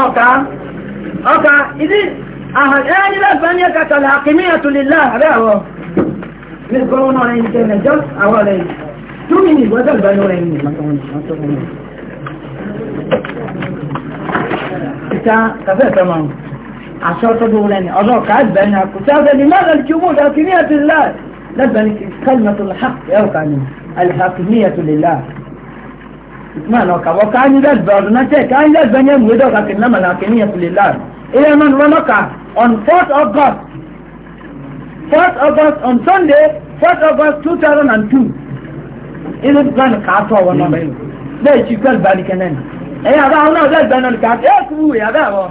máa kà Miss Governor and Internet, just our lady. Two minutes, what does Governor and Internet? كفيت تمام عشان تقول يعني الله قاعد بينك وتعرف لماذا الجمود حاكمية الله لبنك كلمة الحق يوقعني الحاكمية لله معنى وكاني لبنك نتيك أي لبنك يمودك لكن لما الحاكمية لله إلى من ونقع on fault of God First th August on Sunday 4th August 2002 ilé plan kàátọ̀ wọn náà bẹ́ẹ̀ bẹ́ẹ̀ tí pẹ́lú bá nìkan náà ẹ̀yà bá wọn náà bẹ́ẹ̀ gbẹ́ náà kàátọ̀ ẹ̀ kú ìyá bá wọn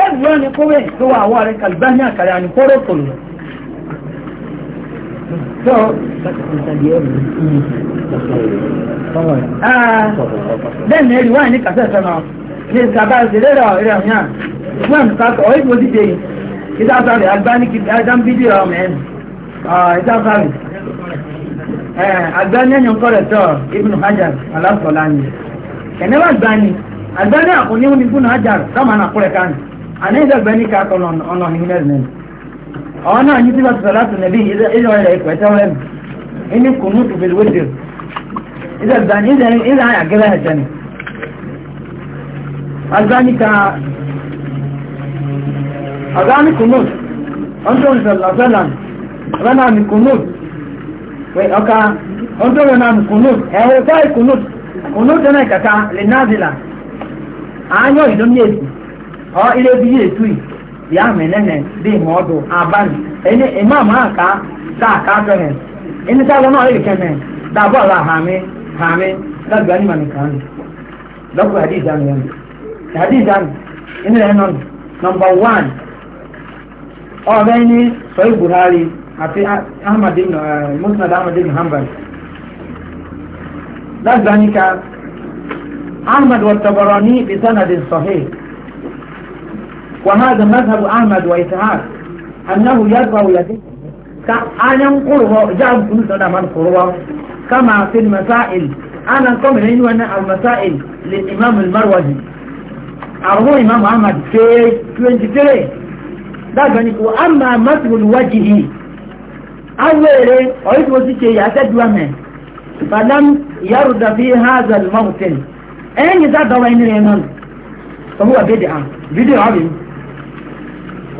ẹ̀ wọ́n ni kówé tó wà wọ́n rẹ̀ kàlùbá ní àkàrà ní kóró kòlù so bẹ́ẹ̀ ni èrìwá ní kàtẹ́sẹ̀ náà ní ìsàbá ìṣẹ̀lẹ̀ rẹ̀ ìrẹ̀ òyìn Isa Sari, Albani Kidan Bidio men. Isa Sari. Eh, Albani ah, eh, ẹ̀yàn kọ́rẹ̀ tọ́ Ibn Hajar Alasọ̀lani. Kẹ̀nẹ́wà Albani, Albani àkùnrin ní Ibn Hajar Sọ́mà náà kúrẹ̀ kan. Àná ìdá Albani ká tọ́ ọ̀nà ìhìnẹ́ rẹ̀. Àwọn náà yìí tí wọ́n ti sọ̀rọ̀ láti nàbí ìlọ rẹ̀ ìpẹ́ tẹ́wọ́rẹ́ mi. Ìní kùnú tó fi wé dìrò. Ìdá Albani ìdá àyàgẹ́rẹ́ ẹ̀jẹ̀ ni. Albani ká ọ̀dá ní kùnúùt ọjọ́ ìṣẹ̀lọ̀sẹ́lá rẹ́nà ní kùnúùt ọ̀ka ọjọ́ rẹ́nà ní kùnúùt ẹ̀wọ̀ táì kùnúùt kùnúùt ẹ̀nà ìkàkà lè nàzìlà àányọ̀ ìdóníyèsì ọ ilé bí yìí yìí yà bí ìmọ̀ ọdún ẹni ìmọ̀ àmọ́ àká ká ẹni sáà lọ́nà ọ̀rẹ́ dàbọ̀ ọ̀la hàmí hàmí ní lọ́kùnrin ẹni nọmba one ọ̀rẹ́ ní sọ́yí buhari àti musnad ahmad ibn hanbal lágbàáníkà ahmad wa tabarani bi sanadin sahih wa hadha madhhab ahmad wa ishaq annahu yarfa'u yadihi ka ayan qurwa jam kun sada man qurwa kama fi masail ana kama ni wana al masail lil imam al marwazi arwa imam ahmad fi 23 dábàá ni kò á máa mọ́tòlù wájú yìí awo èrè ọ̀yẹ́ tí mo ti ṣe yàtẹ́dùwà mẹ́ fàdám yàrùdà fi hazard mountain ẹ̀yìn dábàá ẹni rẹ̀ náà ọmọ wà bẹ́ẹ̀dẹ̀ àwọn fídíò ọ̀rẹ́ mi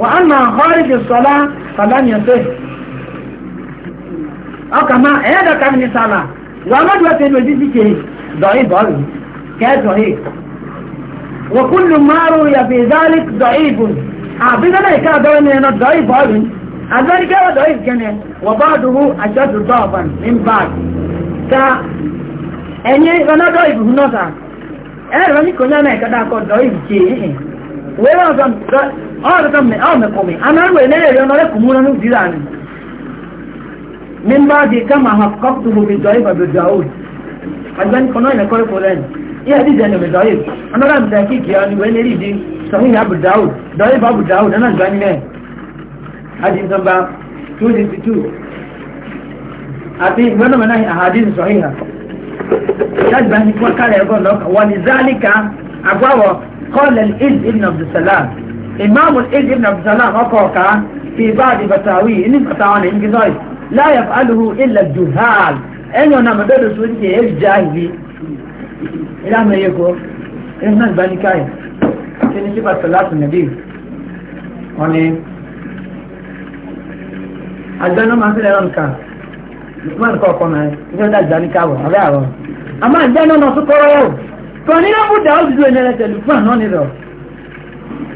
wà á máa họ́rí fi sọ́lá fàdám yẹ̀fẹ́ ọkà máa ẹ̀yẹ́ dọ̀ka mi ní sàlà wà á mọ́tòlù wájú ẹni ti ṣe dọ̀yìn bọ́ọ̀lù kẹ́ẹ̀dọ̀yìn wọ́kùnlù márùn-ún yàfi àbídọ́lẹ̀ ìka àdọ́rẹ́ ní ẹnà dọ́rí bọ́ọ̀lù àgbẹ̀ríkẹ́ wọ́n dọ́rí kẹ́nẹ̀ wọ́n bá dùrú àjọ́sù dọ́ọ̀bàn ní báàgì ká ẹ̀yìn ìrọ̀nà dọ́rí bùhún náà ta ẹ̀rọ ní kò yánà ìkadà kọ dọ́rí jẹ́ ẹ̀hìn wọ́n wọ́n sọ ọ́ọ̀dọ́ mẹ́kọ̀mí anáwó ẹ̀lẹ́rẹ̀ rẹ̀ ọ̀nà kùmúrà ní ìdílà ni ní báàgì ká màá iya di zane mai zahir an ran da ke kiya ni wani ridi sahun ya abu dawud dawud ba abu dawud ana gani ne hadis number 262 ati wani mana a hadis sahiha shaj ba ni kwa kare yago loka wani zalika agwawo kola al-iz ibn abdussalam imam al-iz ibn abdussalam akoka fi ba'di batawi ni batawa ne ingi zahir la yaf'aluhu ilé àmì ẹyẹ kọ ẹni náà gbá ní káyì tí ní sípà sọláàtù nàbí ọ̀nì àjọ náà máa ń sílẹ̀ ẹ̀rọ nǹkan lùkúmọ̀ nǹkan ọkọ náà ní ọjà ìjà ní káwọ̀ abẹ́ àrọ̀ àmọ́ àjọ náà náà tún kọ́rọ́ yẹ̀wò tó ní lọ́wọ́ dà ó dúró ẹ̀yẹrẹ tẹ̀lú fún àná nílọ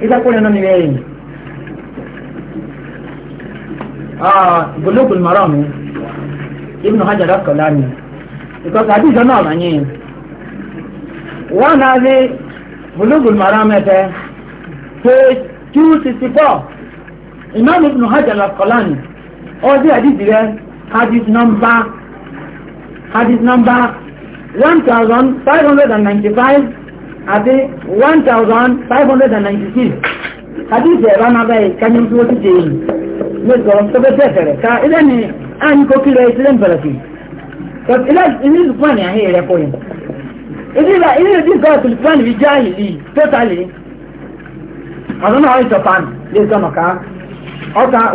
ìdákùnrin náà nílẹ̀ yìí gbólógùn mọ́rọ̀ mi ibùdó hajj one has bulugul maramete page two sixty four imam ibn hajj al-asqalani ọdí àdìsí rẹ hadith number hadith number one thousand five hundred and ninety five àti one thousand five hundred and ninety six hadith ẹ̀ bá máa bẹ́ẹ̀ kányẹ́ tí wọ́n ti dè yìí lóòótọ́ tó bẹ́ẹ̀ fẹ̀rẹ̀ ká ilé ni àyíkó kílẹ̀ ìsílẹ̀ ń bẹ̀rẹ̀ sí. ilé ìsìnkú àníyàn yìí rẹ̀ kọ́ yẹn. إذا إذا دي قالت الإسلام في جاهلي تتعلي أظن هاي تطعن ليس مكان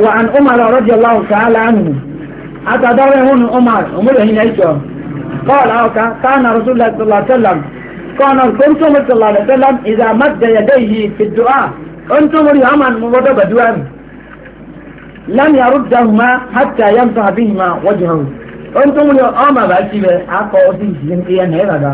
وعن عمر رضي الله تعالى عنه أتدري هون أمر أمر هنا إيشو قال أوكا كان رسول الله صلى الله عليه وسلم كان كنتم صلى الله عليه وسلم إذا مد يديه في الدعاء أنتم اليمن مبدأ بدوان لم يردهما حتى يمسح بهما وجهه أنتم اليمن ما بأسيبه أقوى أسيب سنتين هذا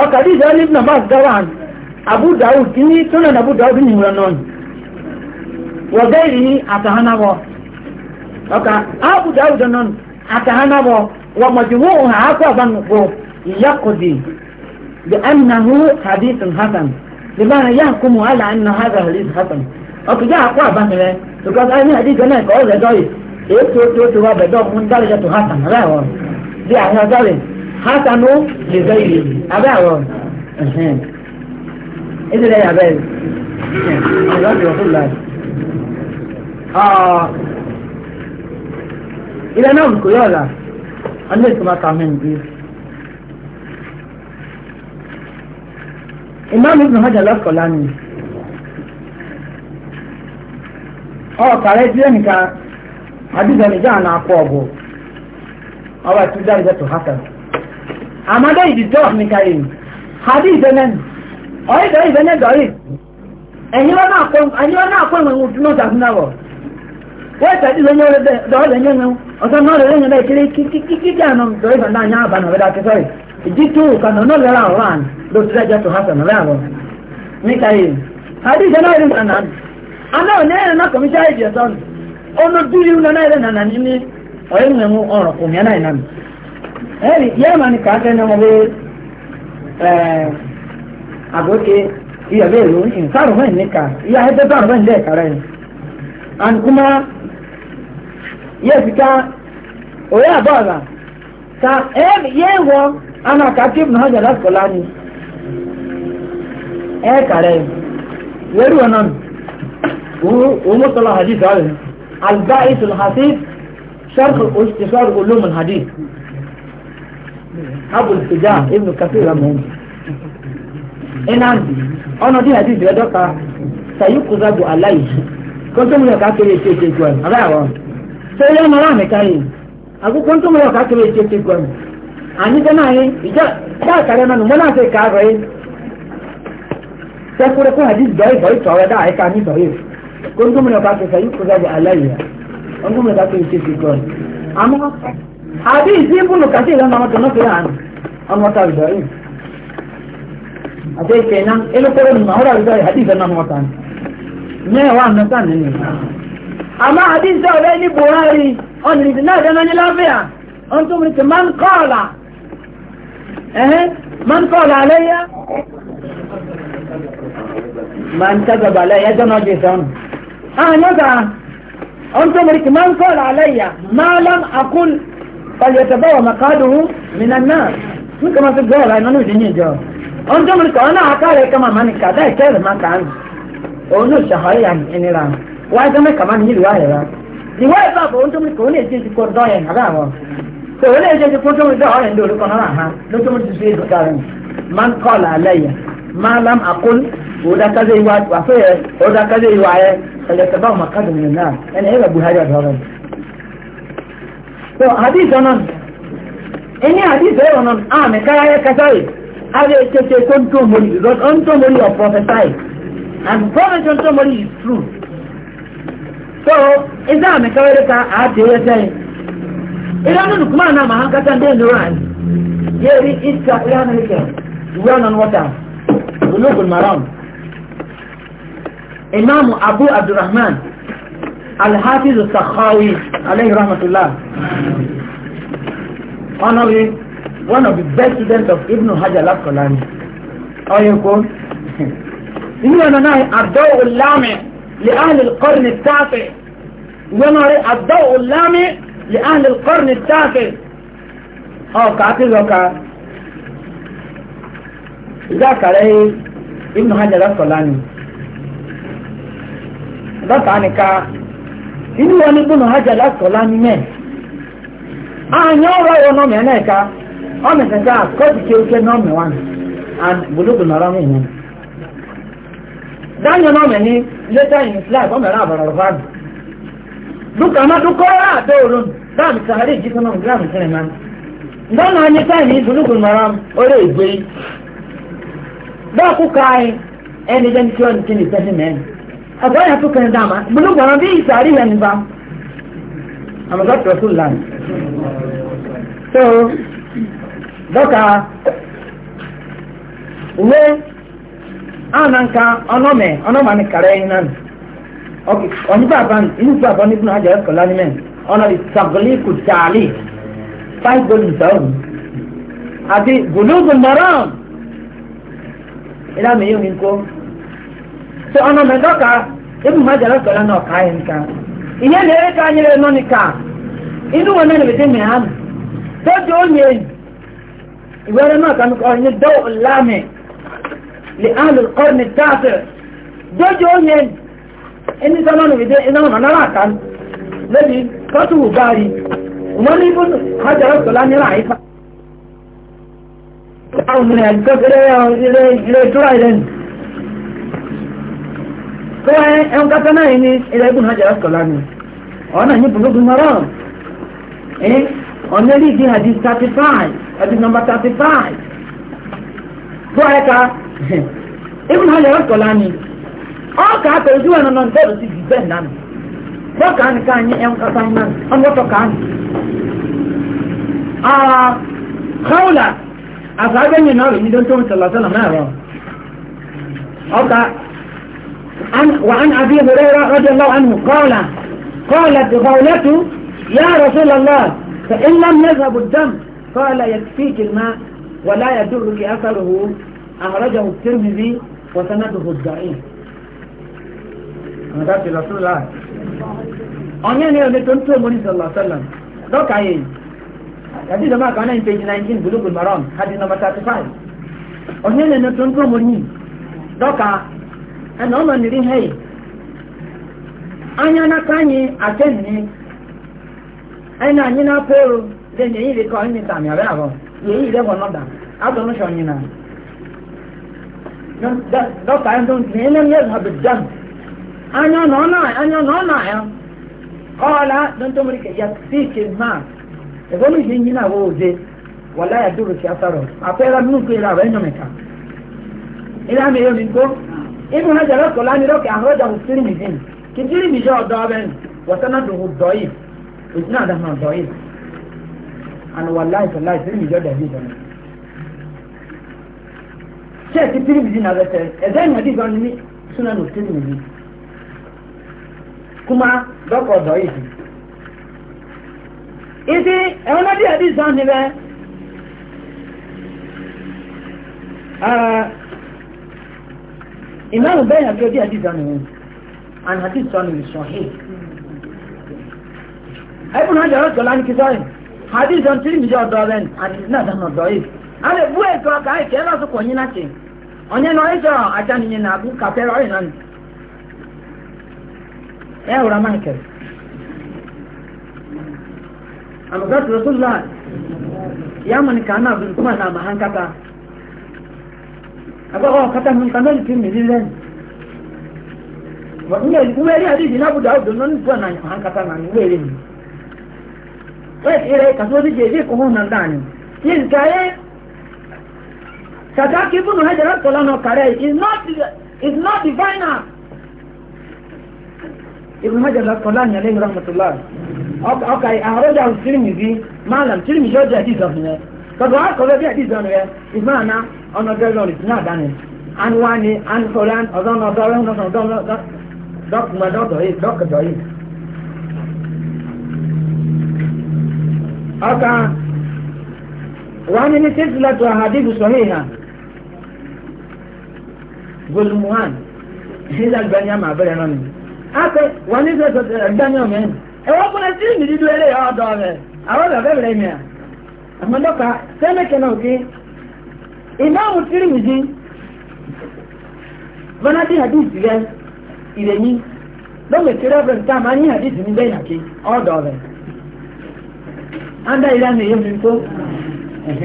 ọkà dìde ọlẹ́ ibùdó bá gbọ́ wà ní sunan abu dawud ní ìwúrọ̀ náà wọ́n bẹ́ẹ̀ rí àtàhánàbọ̀ ọkà abu náà àtàhánàbọ̀ wọ́n wọ́n hàn ákọ́ àbánukọ ìyàkọ̀dì bí anahu hadith hasan lèmọ́ra yá kúmù àlà ànà hàzà hadith hasan ọkà àkọ́ àbánirẹ̀ because ẹni hadith náà kọ́ ọ̀rẹ́ dọ́yì èyí tó tó tó wà hasanu lè zọ ìlú abẹ́ àwọn ẹ̀sìn lẹ́yìn abẹ́ ah. ilẹ̀ náà kò yọ̀ ọ̀la ọdún ètò máa kàwé nìyí. imam ibn hajj alakolani ọ kàrẹ tí ẹnìkan adúgbò nìjà náà kọ ọbọ ọba tí dáríjà tó hàtàlù. àmọ́dé ìdìjọ́ mi kàrí mi àbí ìfẹ́lẹ́nu ọ̀rẹ́dọ̀ ìfẹ́lẹ́ dọ̀rí ẹ̀yìn wọn náà kọ́ ìwọ̀n ohun tí wọ́n sàfihàn wọ̀ wọ́n tẹ̀lé lẹ́yìn ọ̀rẹ́dọ̀ yẹn nu ọ̀sán náà lẹ́yìn ọ̀rẹ́dọ̀ ìkiri kíkíkí àná dọ̀rí fún náà yẹn àbànà ọ̀rẹ́dọ̀ àti sọ́rí ìdí tó kànà náà lẹ́ra ọ̀rọ̀ àn ló ti rẹ́jọ́ tó hasan ọ̀rẹ́ àwọ̀ níkàyè àbí ìfẹ́ náà rí nànà àná òní ẹ̀rẹ́ náà kọ̀mí sáyé jẹ̀ sọ́nù ọ̀nà dúró náà ẹ̀rẹ́ nànà ní ọ̀rẹ́ mi ọ̀rọ̀ kò mí ẹ̀ náà ìnáà ẹ̀rì yẹ́ mà ní kàákẹ́ ní ọmọdé àbókè ìyàbẹ̀ ìlú ìsàrùn fún ìníkà ìyá ẹgbẹ́ sàrùn fún ìdẹ́ ìkàrẹ́ ni and kuma yẹ́ sika òye àbọ̀ọ̀là ka ẹ̀rì yẹ́ wọ ana kàákẹ́ ìbùnà ọjà lásìkọ̀lá ni ẹ̀ kàrẹ́ wẹ́rù ọ̀nà ومصطلح حديث هذا الباعث الحثيث شرح استشار علوم الحديث abu sija ibn kafir ramu enan ọ̀nà tí hadith rẹ̀ dọ́ka sayuku zabu alayi kọ́ntọ́mù yọ̀ kákiri ètò ètò ìgbọ̀n abẹ́ àwọn ṣé ilé ọmọ láàmì káyìn àkókò kọ́ntọ́mù yọ̀ kákiri ètò ètò ìgbọ̀n àní jẹ́nà yín ìjọ dá àkàrẹ́ nánu mọ́ náà ṣe kàárọ̀ yín sẹ́kúrẹ́ fún hadith bẹ́ẹ̀ bọ́ ìtọ̀ rẹ̀ dáa ẹ̀ka ní bọ̀yì kọ́ntọ́mù yọ̀ kákiri sayuku zabu alayi kọ́ntọ́mù yọ̀ kákiri ètò ìgbọ̀n àmọ́ hadisi ibnu kasir lọ́nà àwọn tọ̀nà fìlà àná ọ̀nà wọ́tà àbìdọ̀ yìí àti ìkẹ́ iná elókòrò nù àwọn àbìdọ̀ yìí hadisi lọ́nà wọ́tà ní mẹ́wàá mẹ́ta nínú àmọ́ hadisi ọ̀rẹ́ ní buhari ọ̀nà ìdí náà dáná ní láfíà ọ̀n tó mìíràn man kọ́ọ̀là ẹ̀hẹ́ eh, eh? man kọ́ọ̀là àlẹ́yà man kẹ́gbẹ̀bà àlẹ́yà jọ́nà ọjọ́ ìsọ̀nù àwọn ọ̀n tó mìíràn man kọ́ọ̀là àlẹ́yà máa lọ́n àkún فليتبوى مقعده من النار من كما تقول أنا نجني جو أنت من كنا أكاري كما من كذا كذا ما كان أنو شهري عن إنيرا وأنت من كمان هي رواية رواية بابا أنت من كوني جيجي كورداي هذا هو كوني جيجي كورداي هذا هو لو كنا ها لو تمر تسير كارم من قال علي ما لم أقول ودا كذا يوا وفيه ودا كذا يوا فليتبوى مقعده من النار أنا إيه أبو هذا هذا so hadith onon any hadith wey onon ah me kara ye kasari abe tete ko n tó mori because on tó mori of prophesy and prophet on tó mori is true so ẹsẹ àmì kawere ka a ti yẹ sẹyìn ìlànà nìkúmà náà màá kátà ndé ndúrà yẹ rí ìsà ìlànà ìkẹ ìwé ọ̀nà water ológun maram imaamu abu abdulrahman الحافظ السخاوي عليه رحمة الله rahmatullah, honoring one of the best students of Ibn Hajar al-Asqalani. إني أنا نهي الضوء اللامع لأهل القرن التاسع ونرى الضوء اللامع لأهل القرن التاسع أو كاتب وكا ذاك عليه ابن حجر الصلاني ذاك عنك inú wọn ní bùnú hajjá lásọ̀lá ní anya ààyàn ọ̀rọ̀ wọn náà mẹ́rin ẹ̀ka ọmọ ìsẹ̀ká kọ́ọ̀tù tí ó kẹ́ náà mẹ́wàá ní náà dáyọ̀ náà ní létà yìí flag ọmọ ẹ̀rọ àbọ̀rọ̀ rọ̀ fáàdù dúkà má dúkọ́ ọ̀rọ̀ àdó òrùn dáàbì sàárè jí anyị a ga ya tuka dama bulu gwana bi tsari ya ni ba amma ga rasulullah so doka uwe ananka onome onoma ni kare nan ok oni baba ni baba ni buna ajaye kola ni men ona bi tabli ku tali five golden zone ati bulugun maram ila me yo ni ko so ọ̀nà mẹ́dọ́ka ebi mma jara sọ̀rọ̀ náà ọ̀ka yẹn nìkan ìyẹn ní eré ká nyere nọ nìkan inú wọn náà lè dé mìíràn mi tọ́jú onye ìwẹ́rẹ́ náà kan kọ́ ọ̀nyẹ́ dọ́wọ́ lámì lè áàlù kọ́ni káfẹ́ tọ́jú onye ẹni sọ́nà lè dé iná ọ̀nà náà kan lẹ́bi kọ́tù wù báyìí wọn ní ibùdó hajara sọ̀rọ̀ ní ráyìí fa. Àwọn ọmọ rẹ̀ kọ́kẹ́rẹ́ ilé ìtura kọ́ ẹ ẹun kátá náà ilẹ̀ ibùn hajj alásùkọ̀lá ni ọ̀nà ní bùnú bùnú ọ̀nà rí di hadith thirty five hadith number thirty five bọ́ ẹ ká [laughs] ibùn hajj alásùkọ̀lá ni ọ̀ọ́kà àtẹ̀jú ẹ̀ nọ bẹ́ẹ̀ ti di bẹ́ẹ̀ náà bọ́ọ̀kà ni ká ní ẹun náà ká ní. náà ní عن وعن أبي هريرة رضي الله عنه قال قالت قولته يا رسول الله فإن لم يذهب الدم قال يكفيك الماء ولا يدر لأثره أهرجه الترمذي وسنده الضعيم مدات رسول الله أنيان يوم أنا مني صلى الله عليه وسلم أنا أي هذه دماء أنا في page 19 أنا المرام هذه نمبر أنا أنيان يوم تنتو أنا دوك ana ọ nọnyere ihe yi anya n'aka anyị ate nne anyị na anyị na-apụ eru dị na eyiri ka onye nta mịa bịa bụ ya eyiri egwu nọda adọ n'ụsọ onye na dọkịta anyị dọ ntị na ihe ha bụ anya na ọ na anya na ọ na ya ọla dọntọ mmiri ka ya si ike ha ebe onye ihe nyina wo oze wala ya duru si asarọ apụ era nnukwu era abụ enyomeka ila mi yo ibùn hajj lọ́kọ̀ lánìí lọ́kọ̀ àhọ́jà hù tìrìmìzì kí tìrìmìzì ọ̀dọ́ ọbẹ̀ wọ́sánà tó hù dọ́yì ìsìn àdàmà dọ́yì àná wà láì sọ̀láì tìrìmìzì ọ̀dà yìí dọ́nà. sẹ́ẹ̀kì tìrìmìzì náà bẹ̀ tẹ̀ ẹ̀dẹ́ ìyàdí gan ni súnà nù tìrìmìzì kúmá lọ́kọ̀ dọ́yì sí. ìdí ẹ̀wọ́n náà díẹ̀ díẹ̀ sọ́ọ́ Imam Bayhaqi gẹ́gẹ́ hadith dánù wọn and hadith dánù rẹ̀ sọ̀hìn ẹ̀bùn náà jẹ́rọ̀ tọ́lá ní kìsọ́yìn hadith dánù tìrì mìjọ́ ọ̀dọ́ rẹ̀ àti náà dánù ọ̀dọ́ yìí a lè bú ẹ̀kọ́ ọkà ẹ̀kẹ́ ẹ̀ lọ́sọ̀kọ̀ yín náà tì ọ̀nyẹ́ náà náà bú náà máa àbáwọ̀ kátà mi kan lórí kí mi rí lẹ́nu ìwé rí àdìsí lábùdá òdò ló ń tọ́ náà àwọn kátà náà ní ìwé rí mi wẹ́ẹ̀sì rẹ̀ kàtó ní jẹ́ ìdíkò hún náà dáa ni yìí ń káyé kàtàkì bùnú hẹ́jẹ̀ rẹ̀ tọ́lá náà kàrẹ́ is not is not the final ibùn hẹ́jẹ̀ rẹ̀ tọ́lá ní alẹ́ ìrọ̀mọ̀tòlá ọkà àrọ́jà tìrìmì bí máàlàm tìrìmì yóò jẹ́ àdìsí ọ̀fìn Because what color there is one there is man na on the dragon is not done it. And one and Quran or on the dragon or on the doc my daughter is doctor joy. Aka وعن سلسلة أحاديث صحيحة ظلموان هذا البنيا ما بلغني أكي وعن سلسلة البنيا من أولا كنا سيدي دولي هذا أولا بلغني amma doka sai nake nan ke imamu tirmidhi bana di hadith ga ireni don me tira ban ta mani hadith ni dai nake all the way anda ila ne yemi ko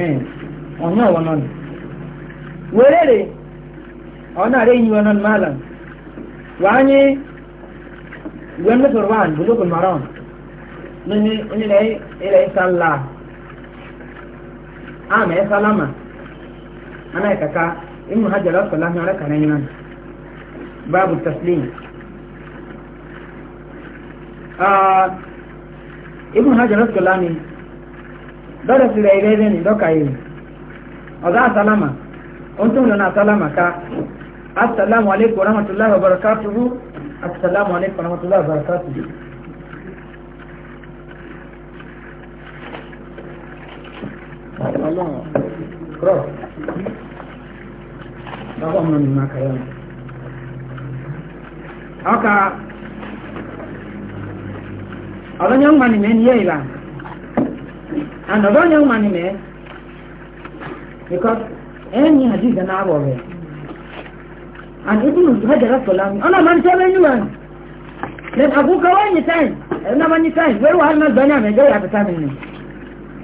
eh ọ̀nà wọn náà wérèrè ọ̀nà rẹ̀ yìí wọn náà mọ́lá wàá nyé wọn ní sọ̀rọ̀ wà ní gbogbo mọ́rán ní ilẹ̀ ìsànlá ama ya salama ana kaka in muhajjar rasulullah na raka nan nan babu taslim ah ibn hajar rasulullah ne dole su da ire ne doka yi ọ̀gá salama ohun tó ń lọ na salama ka assalamu alaikum warahmatullahi wabarakatuhu assalamu alaikum warahmatullahi wabarakatuhu ọka ọdọnyọ nwa ni mẹ ni yẹ ìlà and ọdọnyọ nwa ni mẹ because ẹni àdìgbà náà wọ rẹ and ibi nù hajjara sọlá mi ọ̀nà máa ń tẹ́lẹ̀ yín wọn then àbúkọ wọ́n yìí táyì ẹ̀rọ náà wọ́n yìí táyì wẹ́rù wàhálà náà gbọ́nyà mẹ́jọ́ yà bẹ́tà mi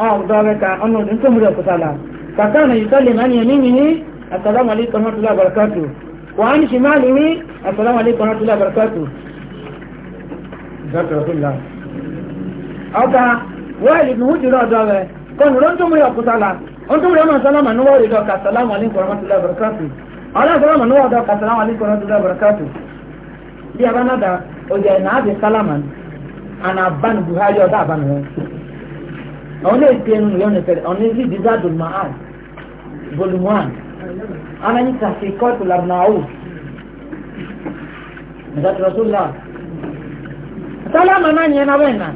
أعضابك أنه أنتم مدرك تعالى فكان يسلم عن يمينه السلام عليكم ورحمة الله وبركاته وعن شماله السلام عليكم ورحمة الله وبركاته ذكر رسول الله أوكا وائل بن هجر أدوه كون أنتم مدرك تعالى أنتم مدرك سلام نواري دوك السلام عليكم ورحمة الله وبركاته أنا سلام نواري دوك السلام عليكم ورحمة الله وبركاته دي أبانا دا أجي نعبي سلاما أنا أبان بهاجي أدابان àwọn ilé ìpè ẹnu lọ́nà ìfẹ́ ọ̀nà ilé ìdíjà dùn máa volume one anani kàfi kọ́ọ̀tù làbùnàwò ìdàtúrọ̀sọ́lá sálámà náà yẹn náà bẹ́ẹ̀ náà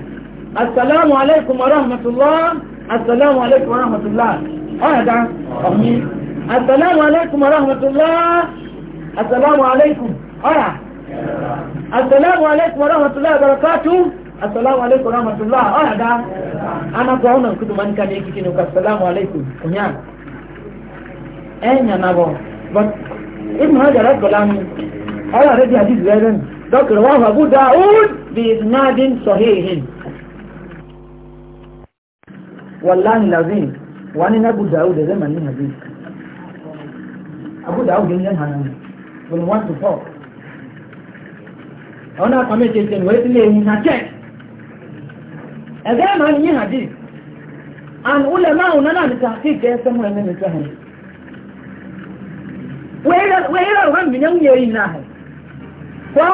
asalaamu aleykum wa rahmatulah asalaamu aleykum wa rahmatulah ọ̀yàdá ọ̀hún asalaamu aleykum wa rahmatulah asalaamu aleykum ọ̀yà asalaamu aleykum wa rahmatulah barakatu asalaamu aleykum wa rahmatulah ọ̀yàdá ana kwa ona kutu manika ni kiti nuka salamu alaikum kunya enya eh, nabo but ibn hajar al-qalami ala radi hadith zaidan ذكر رواه أبو داود بإسناد صحيح والله العظيم وأنا أبو داود زمن من حديث أبو داود من هنا from one to four أنا قمت يتنويت لي من هاتين ẹgbẹ́ ma ń yí hadith and ulẹ̀ máa wọn náà ní tàkìkì ẹsẹ̀ mọ́ ẹ̀mẹ́ mi sẹ́hìn wẹ́ẹ́rẹ́ wọn mi náà ń yẹ yìí náà hẹ̀ kọ́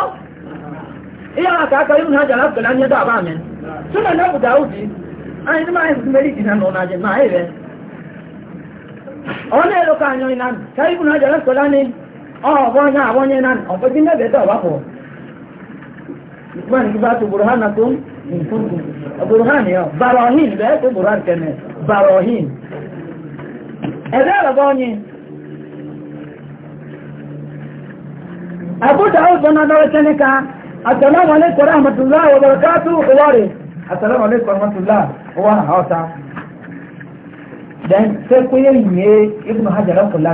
ilé wa kàákà yóò náà jàlá pẹ̀lú anyẹ́ dọ̀ àbáàmẹ́ súnmọ̀ náà Ọ òjì àyìn tí máa ń fi mẹ́rì ìdìnnà náà jẹ máa èrò ìnáà pẹ̀lú burhan ya barahin bẹ́ẹ̀ tó burhan kẹ́mẹ́ barahin ẹ̀bẹ́ ọ̀rọ̀bọ̀ ọ̀yìn àbúdà ó sọ náà tẹ́nìká assalamu alaikum rahmatullah wa barakatuh wọ́rẹ̀ assalamu alaikum rahmatullah wa ọ̀ta then sai kú yẹ yìí ibn hajjara kula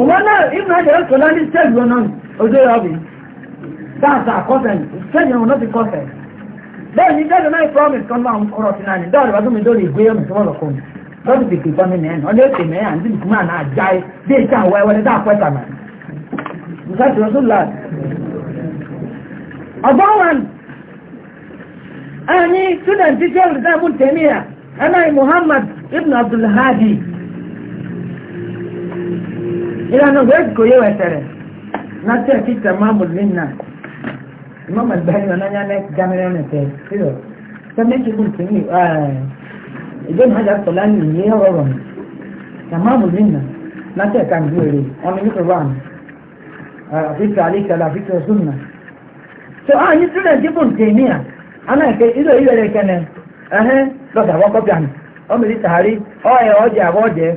Òwọ́n náà ìmọ̀ ẹ̀jẹ̀ ẹ̀kọ́ lálẹ́ ọ̀nà òjò ìrọ̀bì. Dáàtà àkọ́sẹ̀ ni, ọ̀nà ti kọ́sẹ̀. Bẹ́ẹ̀ ni sẹ́ẹ̀lì náà promise kan máa ń sí náà ni, bá lórí ìgbé ọ̀nà tó mi. Lọ́dún ti mẹ́yà ní e. bí ìjà ní dáàpọ̀ Ọ̀gbọ́n wa ẹni ìlànà bẹ́ẹ̀ kò yẹ wẹ̀tẹ̀rẹ̀ láti ẹ̀kí tẹ̀mọ́ mùsùlùmí náà ìmọ̀mọ̀ ìgbàlẹ̀ náà nyá náà gámẹ́rẹ́ rẹ̀ tẹ̀ sílọ̀ sẹ́mi ti kún sí mi ìjọ ní hajj sọ̀lá ní ìyẹ́ ọ̀rọ̀ mi tẹ̀mọ́ mùsùlùmí náà láti ẹ̀ka mi wèrè ọmọ mi kò bá mi àfihàn àlíkàlà àfihàn súnmà. so a ní sílẹ̀ ti kún sí mi à ana ẹ̀kẹ́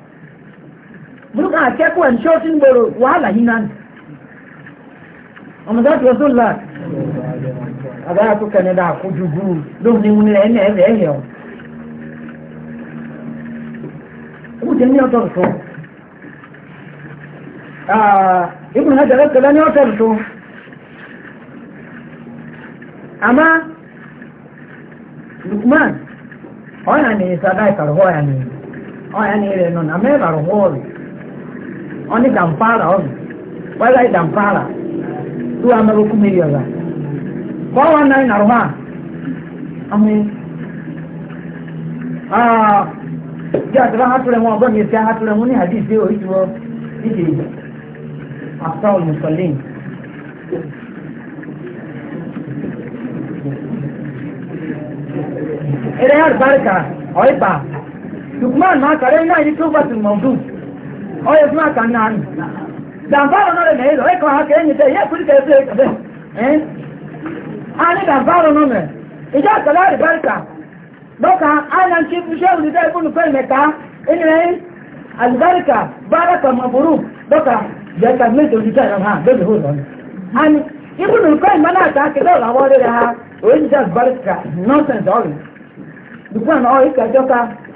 burúkú akẹ́kọ̀ọ́ ẹni ṣọ́ọ̀ṣì ń gbòòrò wàhálà yìí náà ọmọdé àti ọdún là àbáyà tó kẹ́ni dà kó ju gúrú lóhùn ní wọn ẹ̀ ẹ̀ ẹ̀ ẹ̀ ọ̀ ó ti ní ọ̀tọ̀ tó ibùdó náà jẹ́rẹ́ tẹ́lẹ̀ ní ọ̀tọ̀ tó àmá lukman ọ̀yà ni sàdáì kàrọ̀họ́ ọ̀yà ni ni ọní dàmpárà ọ̀nà wẹ́láì dàmpárà tó wà mẹ́rin okú mẹ́rin ọ̀la four one nine nàrọ̀ hàn ọmọ jẹ́ àtúrà hàtúrẹ̀ wọn ọgbọ́n mi fi hàtúrẹ̀ wọn ní àdìsí oríṣiríṣi níbi ìgbà after musolin. Ilé albarka, ọ̀ìbà, Lukman máa kàrẹ́ náà ní tó bá ti oye tí wọ́n kà ní àná dàmbárò náà lè lè lọ ẹ̀kọ́ àkẹ́ ẹ̀yìn tẹ̀ yẹ kúrìkẹ́ ẹ̀fẹ́ ẹ̀kẹ́ ẹ̀ á ní dàmbárò náà mẹ́ ìjọ àtàlá àdìbáríkà lọ́kà áyà ń kí fúnṣẹ́ òrìṣẹ́ ìfúnnufẹ́ mẹ́ta ẹ̀yìn àdìbáríkà bárakà mọ̀bùrù lọ́kà jẹ́ka méjì òrìṣẹ́ ìrọ̀ hàn lóbi hó lọ́nà àní ìfúnnufẹ́ ìmọ̀ náà ta kẹlẹ́ ọ̀rọ̀ àwọn ọ̀rẹ́ rẹ̀ ha òrìṣẹ́ àdìbáríkà nọ́ọ̀sẹ̀ǹsì ọ̀rẹ́ dùkú àná ọ̀rẹ́ ìkàjọ́ka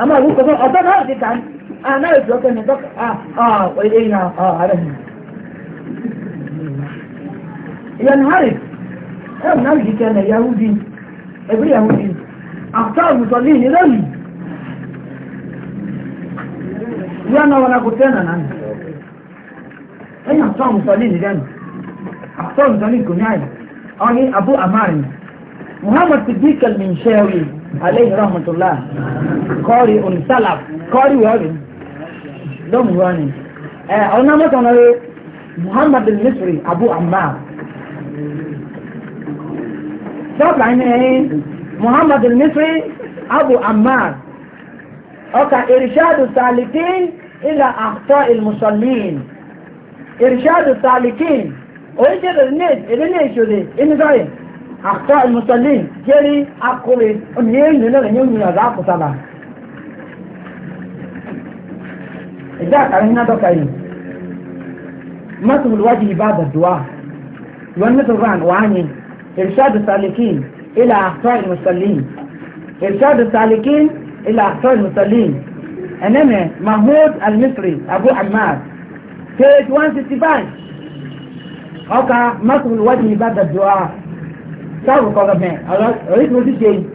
àmọ́ ìlú kọ̀ọ̀kan ọ̀dọ́ náà ti dání àná ètò ọ̀kẹ́ ní dọ́kà àà ilé iná ààrẹ mi. ìyẹn hàrì ẹ̀rù náà yìí kẹ́ ẹ̀ yahudi ẹ̀bí yahudi àtọ́ òmùsọ̀lì ní lónìí. ìyá náà wọn kò tẹ́ ẹ̀ nàná ni ẹ̀yìn àtọ́ òmùsọ̀lì ní lẹ́nu àtọ́ òmùsọ̀lì kò ní àyè ọ̀hìn abu amari muhammad siddiq al-minshawi aleyhi rahmatulah kọ́ọ̀rì onisálà kọ́ọ̀rì wọ́ọ̀rì lọ́mù wọ́ọ̀rì ẹ̀ ọ̀nà mọ́tàn náà muhammad misri abu ammar sọ́ọ̀tà ní ẹ̀yìn muhammad misri abu ammar ọkà irishadu salikin ilà àtọ́ ilmusalmin irishadu salikin oríṣiríṣi ní èdè ní èṣòdè inú sọ́yìn àtọ́ ìmùsọ̀lì jẹ́rí akọrin oníyẹ́yìn náà ní òyìnbó àgbà àkùsàlà ìdá àkàrin ní adọ́ka yìí mọ́tò olùwájú ìbá àbàdùá wọn ní turan wáyé ìrìṣàdù salikin ilà àtọ́ ìmùsọ̀lì ìrìṣàdù salikin ilà àtọ́ ìmùsọ̀lì ẹnẹ́mẹ̀ mahmoud almisri abu ahmad page one sixty five ọkà mọ́tò olùwájú ìbá àbàdùá. Sabe qual é a man? Ela é ritmo de quem?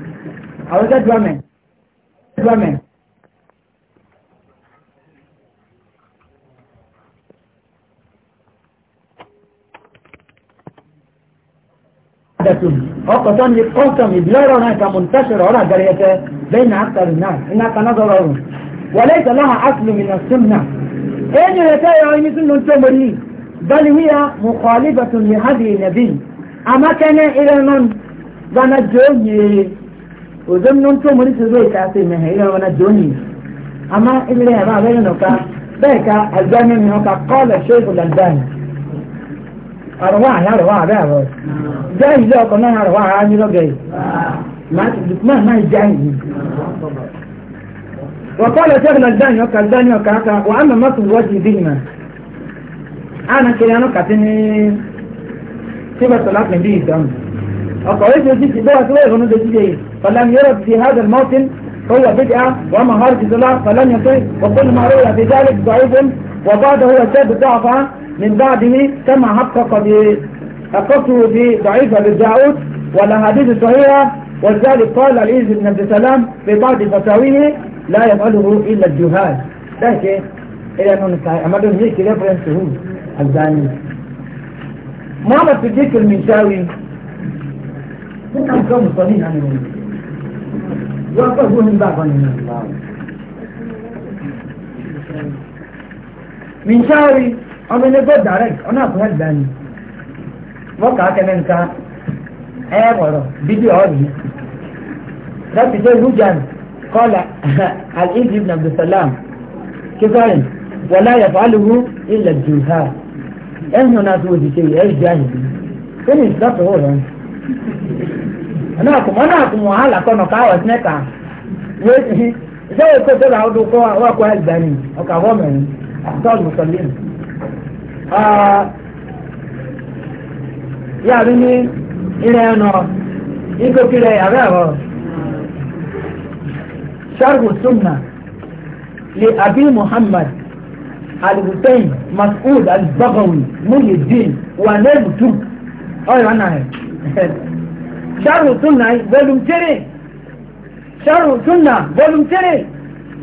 Ela é drum man. Drum man. أو قسمي قسمي بلا رأيك منتشر على جريته بين أكثر الناس إنك نظرون وليس لها أصل من السمنة أين يتأي عيني سنة بل هي مخالفة لهذه النبي amakene ile non bana joyi ozon non to mori sebe ka se me ile bana joyi ama ile ya ba bele no ka be ka albani ni no ka qala shaykh al-albani arwa ya arwa ba ba jai lo ko na arwa ha ni lo ge ma ma ma jai وقال شيخ ka وكا الألباني ka وأما مصر وجه ديما أنا كده أنا كاتني كيف طلعت به الدم الطريق يجيب في الدواء سوى غنود الجيد فلم يرد في هذا الموطن هو بدعة وما هارج زلاء فلم يصير وكل ما رؤية في ذلك ضعيف وبعد هو شاب الضعفة من بعده كما حقق حققه بضعيفة للجاؤوت والأحاديث الصحيحة وذلك قال العيز بن عبد السلام في بعض فتاويه لا يفعله إلا الجهاد ده شيء إلى أنه نستعي أمدهم هيك ريفرنس هو الزاني muhammad siddiq al-mishawi ó kà ń sọ mùsọ̀ ní ìhànà ìwọ̀n wọ́n pẹ̀lú onígbà kan nínú ìlú minshari ọmọ ẹni go direct ọ̀nà àkùnrin ẹ̀dá ni wọ́n kà á kẹ́lẹ́ nǹkan ẹ wọ̀rọ̀ fídíò ọ̀rì láti ṣe hujan kọ́lá al-egypt abdulsalam kíkọ́rin wọ́lá yàtọ̀ alùhù ilẹ̀ jùlọ ẹnu náà tó di kéwì ẹyí jáde kéwì ìsọtò wò lọ. ọ̀nà àkùmọ̀ ọ̀nà àkùmọ̀ wàhálà kọ́nà káwọ̀ sinẹ́kà wéé ìṣẹ́wé kó tó làwọn dókó ọkọ̀ ẹgbẹ́ ni ọkọ̀ àwọ̀ mẹ́rin àtọ́lù mùsùlùmí. yàrá ní ilẹ̀ ẹ̀nà ìgbókìlẹ̀ yàrá ẹ̀rọ sharhu sunna li abi muhammad alibutayn mas'ud alibagawi muhyiddin wanel mutu ọyọ wọn náà [laughs] sharu sunna volume three sharu sunna volume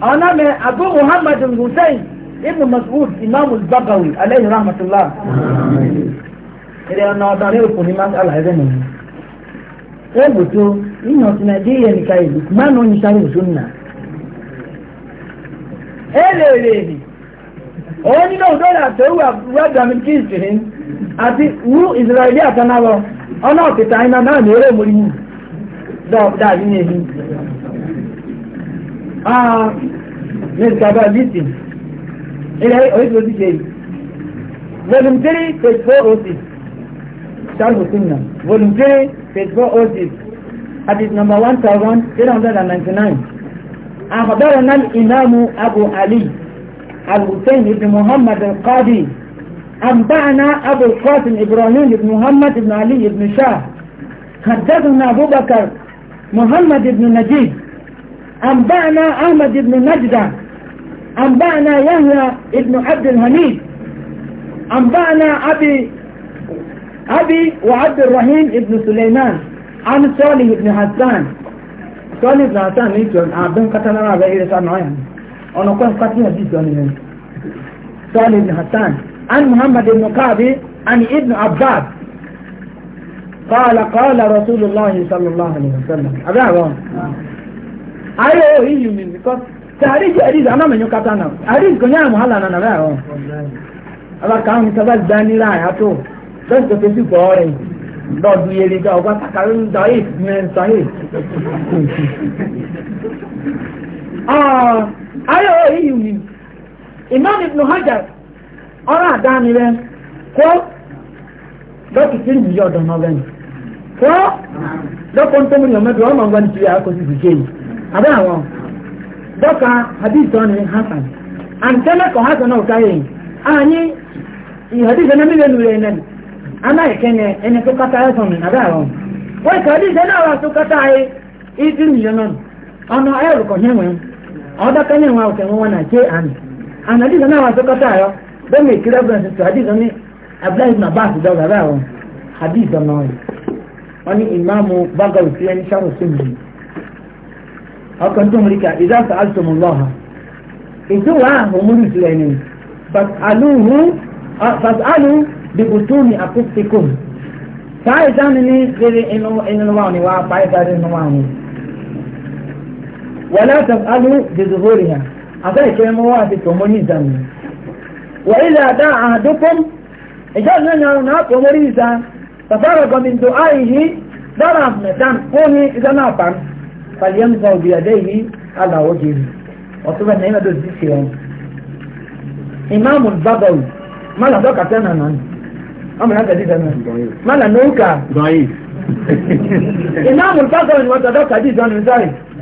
ọ̀nà mẹ abu muhammad hussein ibn mas'ud imam albagawi alayhi rahmatulah ilé ọ̀nà ọ̀dọ́ ní òkú masala ẹ̀rẹ́ nìyí ẹ̀bùtú ìyàn ti nàìjíríà nìkan kuma mánu oníṣàlù sunna ẹ̀rẹ́ rẹ̀ òun nínú òdó àtẹ́wò àbúrágàmì kìsìrì àti wú ìsìláìlì àtànáwọ ọ̀nà ọ̀kẹta iná náà volume three page four oh six charles osinna volume three page four oh six number one thousand three hundred and الحسين بن محمد القاضي أنبأنا أبو القاسم إبراهيم بن محمد بن علي بن شاه حدثنا أبو بكر محمد بن نجيب أنبأنا أحمد بن نجدة أنبأنا يحيى بن عبد الحميد أنبأنا أبي أبي وعبد الرحيم بن سليمان عن صالح بن حسان صالح بن حسان يقول إيه؟ أبن قتلنا غير سامعين ọ̀nà kọ́ ẹ̀ka tí wọ́n ti sọ nìyẹn sọ́ọ́lì ibn hasan an muhammad ibn kaabi an ibn abbas قال قال رسول الله صلى الله عليه وسلم أبي عبان أيوه هي يمين because تاريخ أريد أنا من يكتانا أريد كنيا محلا أنا أبي عبان aba ka ahun sábà dá nílá àyàtò lọ́sì tó fèsì pọ̀ rẹ̀ lọ́ọ̀dù yẹlẹ jẹ́ ọgbà tàkàrí ń dọ̀ Ah, ayé òye yìí wù imam ibn hajar ọ̀rọ̀ àdáni rẹ̀ kó dọ́kì tí ìlú yọ̀dọ̀ náà bẹ́ẹ̀ kó dọ́kọ̀ ń tẹ́mú ìyọ̀mẹ́bí ọmọ ọgbọ́n ti rí àkọsí ìdíje yìí abẹ́ àwọn dọ́kà hadith hasan àǹtẹ́lẹ́kọ̀ hasan náà rẹ̀ nẹ́nu ẹni tó kátà ẹ̀ abẹ́ àwọn wọ́n náà wà tó kátà ẹ̀ ọ̀nà ẹ̀rù kọ̀ ọdaka nye nwa ọsẹ nwa na je ani and adiza náà wà sọkọta ayọ bẹẹmi èkì reference to adiza ní abdullahi ibn abbas dọgba rẹ àwọn adiza náà yìí wọn ni imaamu bagawu fi ẹni sáwọn sọmọlì ọkàn tó mọlì ká ìdá sọ alùsọmọ lọha ètò wà áhùn múlù sílẹ ni fasaluhu fasalu bibutuni akustikum sáà ìdáni ní rere inú inú wa ni wà á báyìí báyìí inú wa ni. ولا تفعلوا بظهورها أعطيك يا مواتك ومنيزا وإذا دعا أحدكم إجازنا نعوناك ومريزا تفرق من دعائه ضرب مثلا قومي إذا نعطا فليمزع بيديه على وجهه وصفة نعمة الزيسيون إمام البغوي ما لا دوكا تانا نان أمر هذا دي زمان ما لا نوكا ضعيف إمام البغوي وانت دوكا دي زمان ضعيف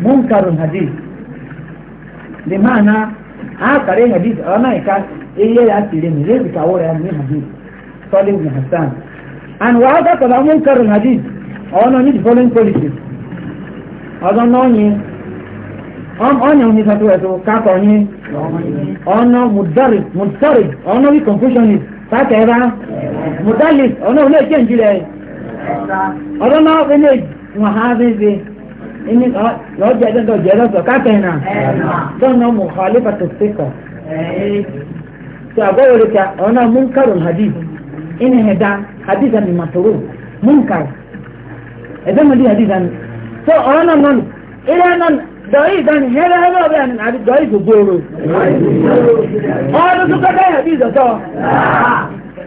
munkarun hadith bi ma'ana a kare hadith a wannan ka iya ya tire ne zai fita wura ya min hadith salih bin hassan hadis, wa ni kala munkarun hadith a wannan need following policies a zan nan ne ọ̀nà òní sàtò ẹ̀sọ́ kákọ̀ ni. ọ̀nà mùdárì ọ̀nà wí confucianist sákẹ̀ẹ́rá mùdálì ọ̀nà òní èké ìjìnlẹ̀ ọ̀dọ́nà òní wàhálà ini lọ́ọ́ jẹ́ dandan jẹ́ lọ́sọ̀ káfẹ́ náà tọ́nà mú khalifa tó sèkọ̀ tó àgbọ̀wò rẹ̀ ta ọ̀nà munkarun hadith ini hẹ̀dá hadith ni matoro munkar ẹ̀dá mọ̀lẹ́ hadith ni tó ọ̀nà nọ́n ilé nọ́n dọ̀yì dán hẹ́rẹ́ hẹ́rẹ́ ọ̀bẹ àná àbí dọ̀yì tó gbòòrò ọ̀nà tó kọ́kọ́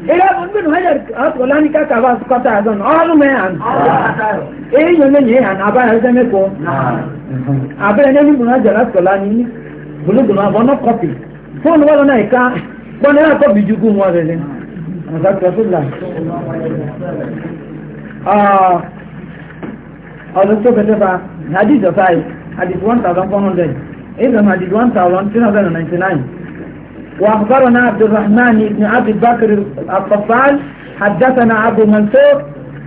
Ìyá àwọn ọdún hajjari ọ̀tọ̀lá ní káàkà bá kọ́ta àgbọ̀n ọdún mẹ́hàn. Èyí yóò lè yẹn hàn abáyà ẹsẹ̀ mẹ́kọ̀ọ́. Abẹ́rẹ́ ní ìbùn hajjari ọ̀tọ̀lá ní gbólógbòló àbọ̀ ọ̀nà kọ́pì. Fóònù wọn lọ́nà ìka gbọ́n náà kọ́pì ju kú wọn rẹ̀ Ọdún tó fẹ́ tẹ́fà, Hadith of Hadith one thousand four hundred, Islam Hadith one thousand three hundred and ninety nine. وأخبرنا عبد الرحمن بن أبي بكر الطفال حدثنا عبد المنصور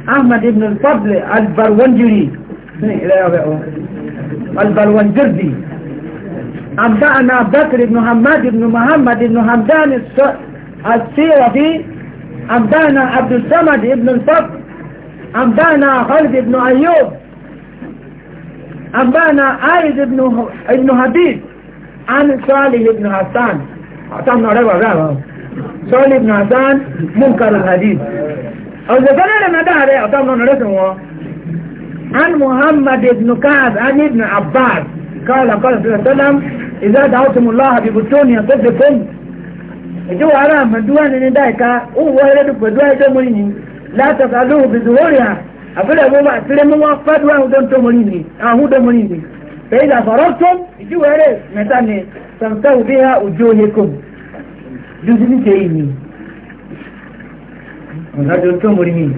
أحمد بن الفضل البرونجري البرونجردي أنبأنا بكر بن محمد بن محمد بن حمدان السيرفي أنبأنا عبد الصمد بن الفضل أنبأنا خالد بن أيوب أنبأنا عايد بن بن حبيب عن صالح بن حسان àtàwọn ọ̀rẹ́ bàbá àwọn sọ́ọ́lì ibùn hasan munkar hadith ọ̀sẹ̀kọ́lẹ̀ rẹ̀ náà dáàrẹ̀ àtàwọn ọ̀rẹ́ sùn wọn an muhammad ibn kaas an ibn abbas kọ́ọ̀lá kọ́ọ̀lá sọ́lá sọ́lám ìzá dáwọ́tùmùláhà bìbùtún yẹn tó ti fún ìjọba ara àmàdúwà nínú dáìka ó wọ ẹrẹ́dù pẹ̀lú ẹjọ́ mọ́rin ni látàkà lóhùn bìzúwọ́rì à àbúrẹ̀ mọ́ àtìrẹ́mọ́wọ́ fádùn àhúdọ́ mọ́rin ni فإذا فرغتم جوهر مثلا تمتوا بها وجوهكم جزني كيني رجلتم تمرني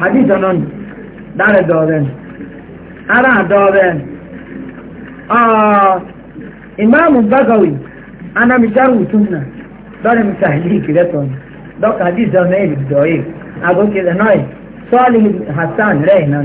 حديث أنون دار الدوبين أرى الدوبين آه إمام البغوي أنا مجارو تمنا دار مسهليك لتون دوك حديث أنون الدوئي أقول كده نوي صالح حسان رأي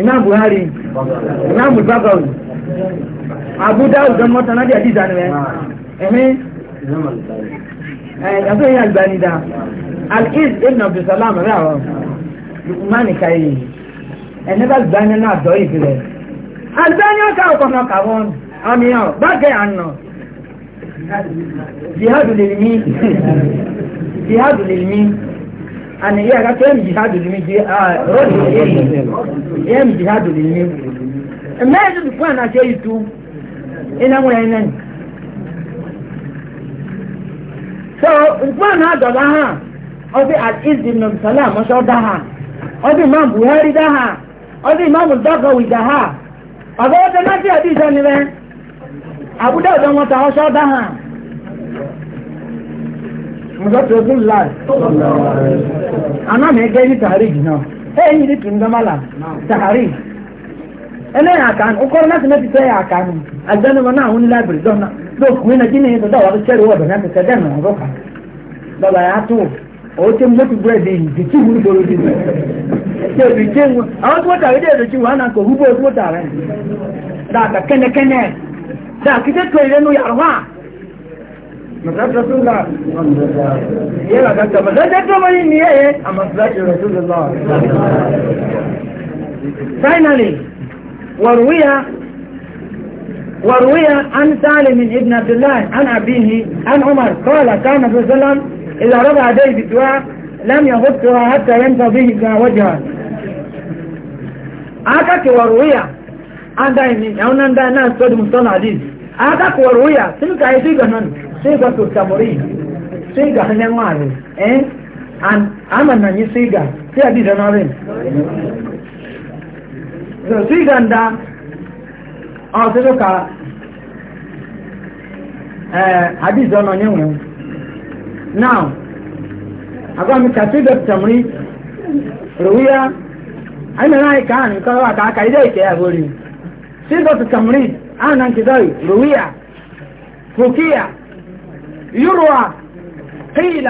imam buhari imam bagawi abu dawud gan mọ́tàn náà di àdìs àná ẹ̀mí ẹ̀yàtọ̀ yẹn àgbàni dá al-iz ibn abdulsalam rẹ̀ àwọn lukumani kayi ẹni bá gbani náà dọ̀ ìbílẹ̀ àgbani ọ̀ka ọ̀kọ̀nà kàwọn ọ̀nì ọ̀ bágẹ̀ àná jihadu lè jihadu lè ani yẹ kakẹ ẹm jihadu limi di aa rọdi eyi ẹm jihadu limi mẹẹ tó ti fún àná ṣe yìí tu iná wọn ẹni nani so fún àná àdọ̀dá hàn ọdí àìsí nàbìsálà mọ́ṣọ́ dá hàn ọdí imam buhari dá hàn ọdí imam dọ́kọ̀wì dá hàn ọ̀dọ́ wọn tẹ náà sí nzọtụ otu lai ana m ege ndị taharij nọ e yi dị tụrụ ndọmala taharij ene ya aka ụkọrọ na tụmeti tụọ ya aka nụ ajọ na na ahụ laịbrị dọ na na gịnị ịdọ ọrụ dị àwọn tí náà kò tí مسألة رسول الله finally وروي وروي عن سالم ابن عبد الله عن أبيه عن عمر قال كان النبي صلى الله عليه وسلم إذا رفع يديه بالدعاء لم يغطها حتى ينتظر إلى وجهه akaki waruya عن da yi ne yaunan da na sodi musamman hadis akaki waruya sun siga to tamuri siga hanyar mari eh an ama na yi siga sai abi da narin so siga da a ah, sai ka eh abi da na nyewu eh. now agwa mi ka siga tamuri ruwiya ana na ka an ka wa ka ka ide ke ya gori siga ah, to ana nkidai ruwiya fukia يروى قيل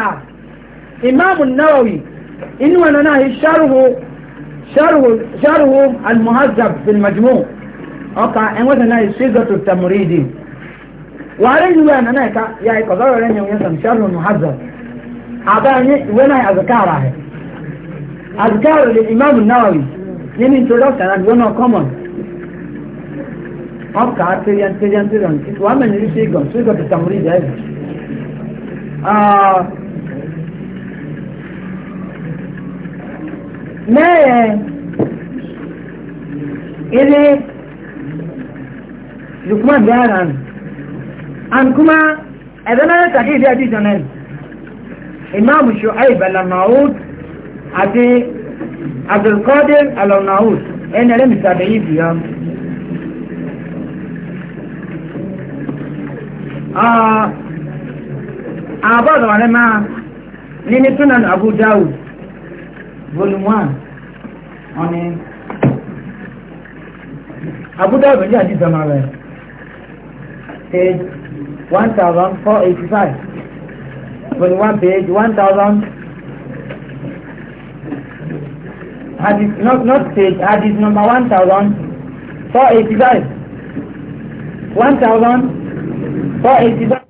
إمام النووي إن ونناهي شره شره شره المهذب في المجموع أقع إن ونناهي شيزة التمريد وعليه وين أنا كا يا كذا وين يوم يسمى شره المهذب أباني ان ونناهي أذكاره أذكار الإمام النووي نين introduction and one of common أقع تريان تريان تريان وأنا نريد شيء قم التمريد هذه آه لا إذا إيه لكما جاران أنكما إذا لا تحيي في جنان إمام شعيب الأناوت أتي عبد القادر الأناوت أنا إيه لم تبعيه فيها آه àbọ̀dọ̀ rẹ̀ máa ní ní sunan abu dawud volume one ọ̀ni abu dawud ní àti ìjọba rẹ̀ page one thousand four eighty five volume one page one thousand hadith not not page hadith number one thousand four eighty five one thousand four eighty five.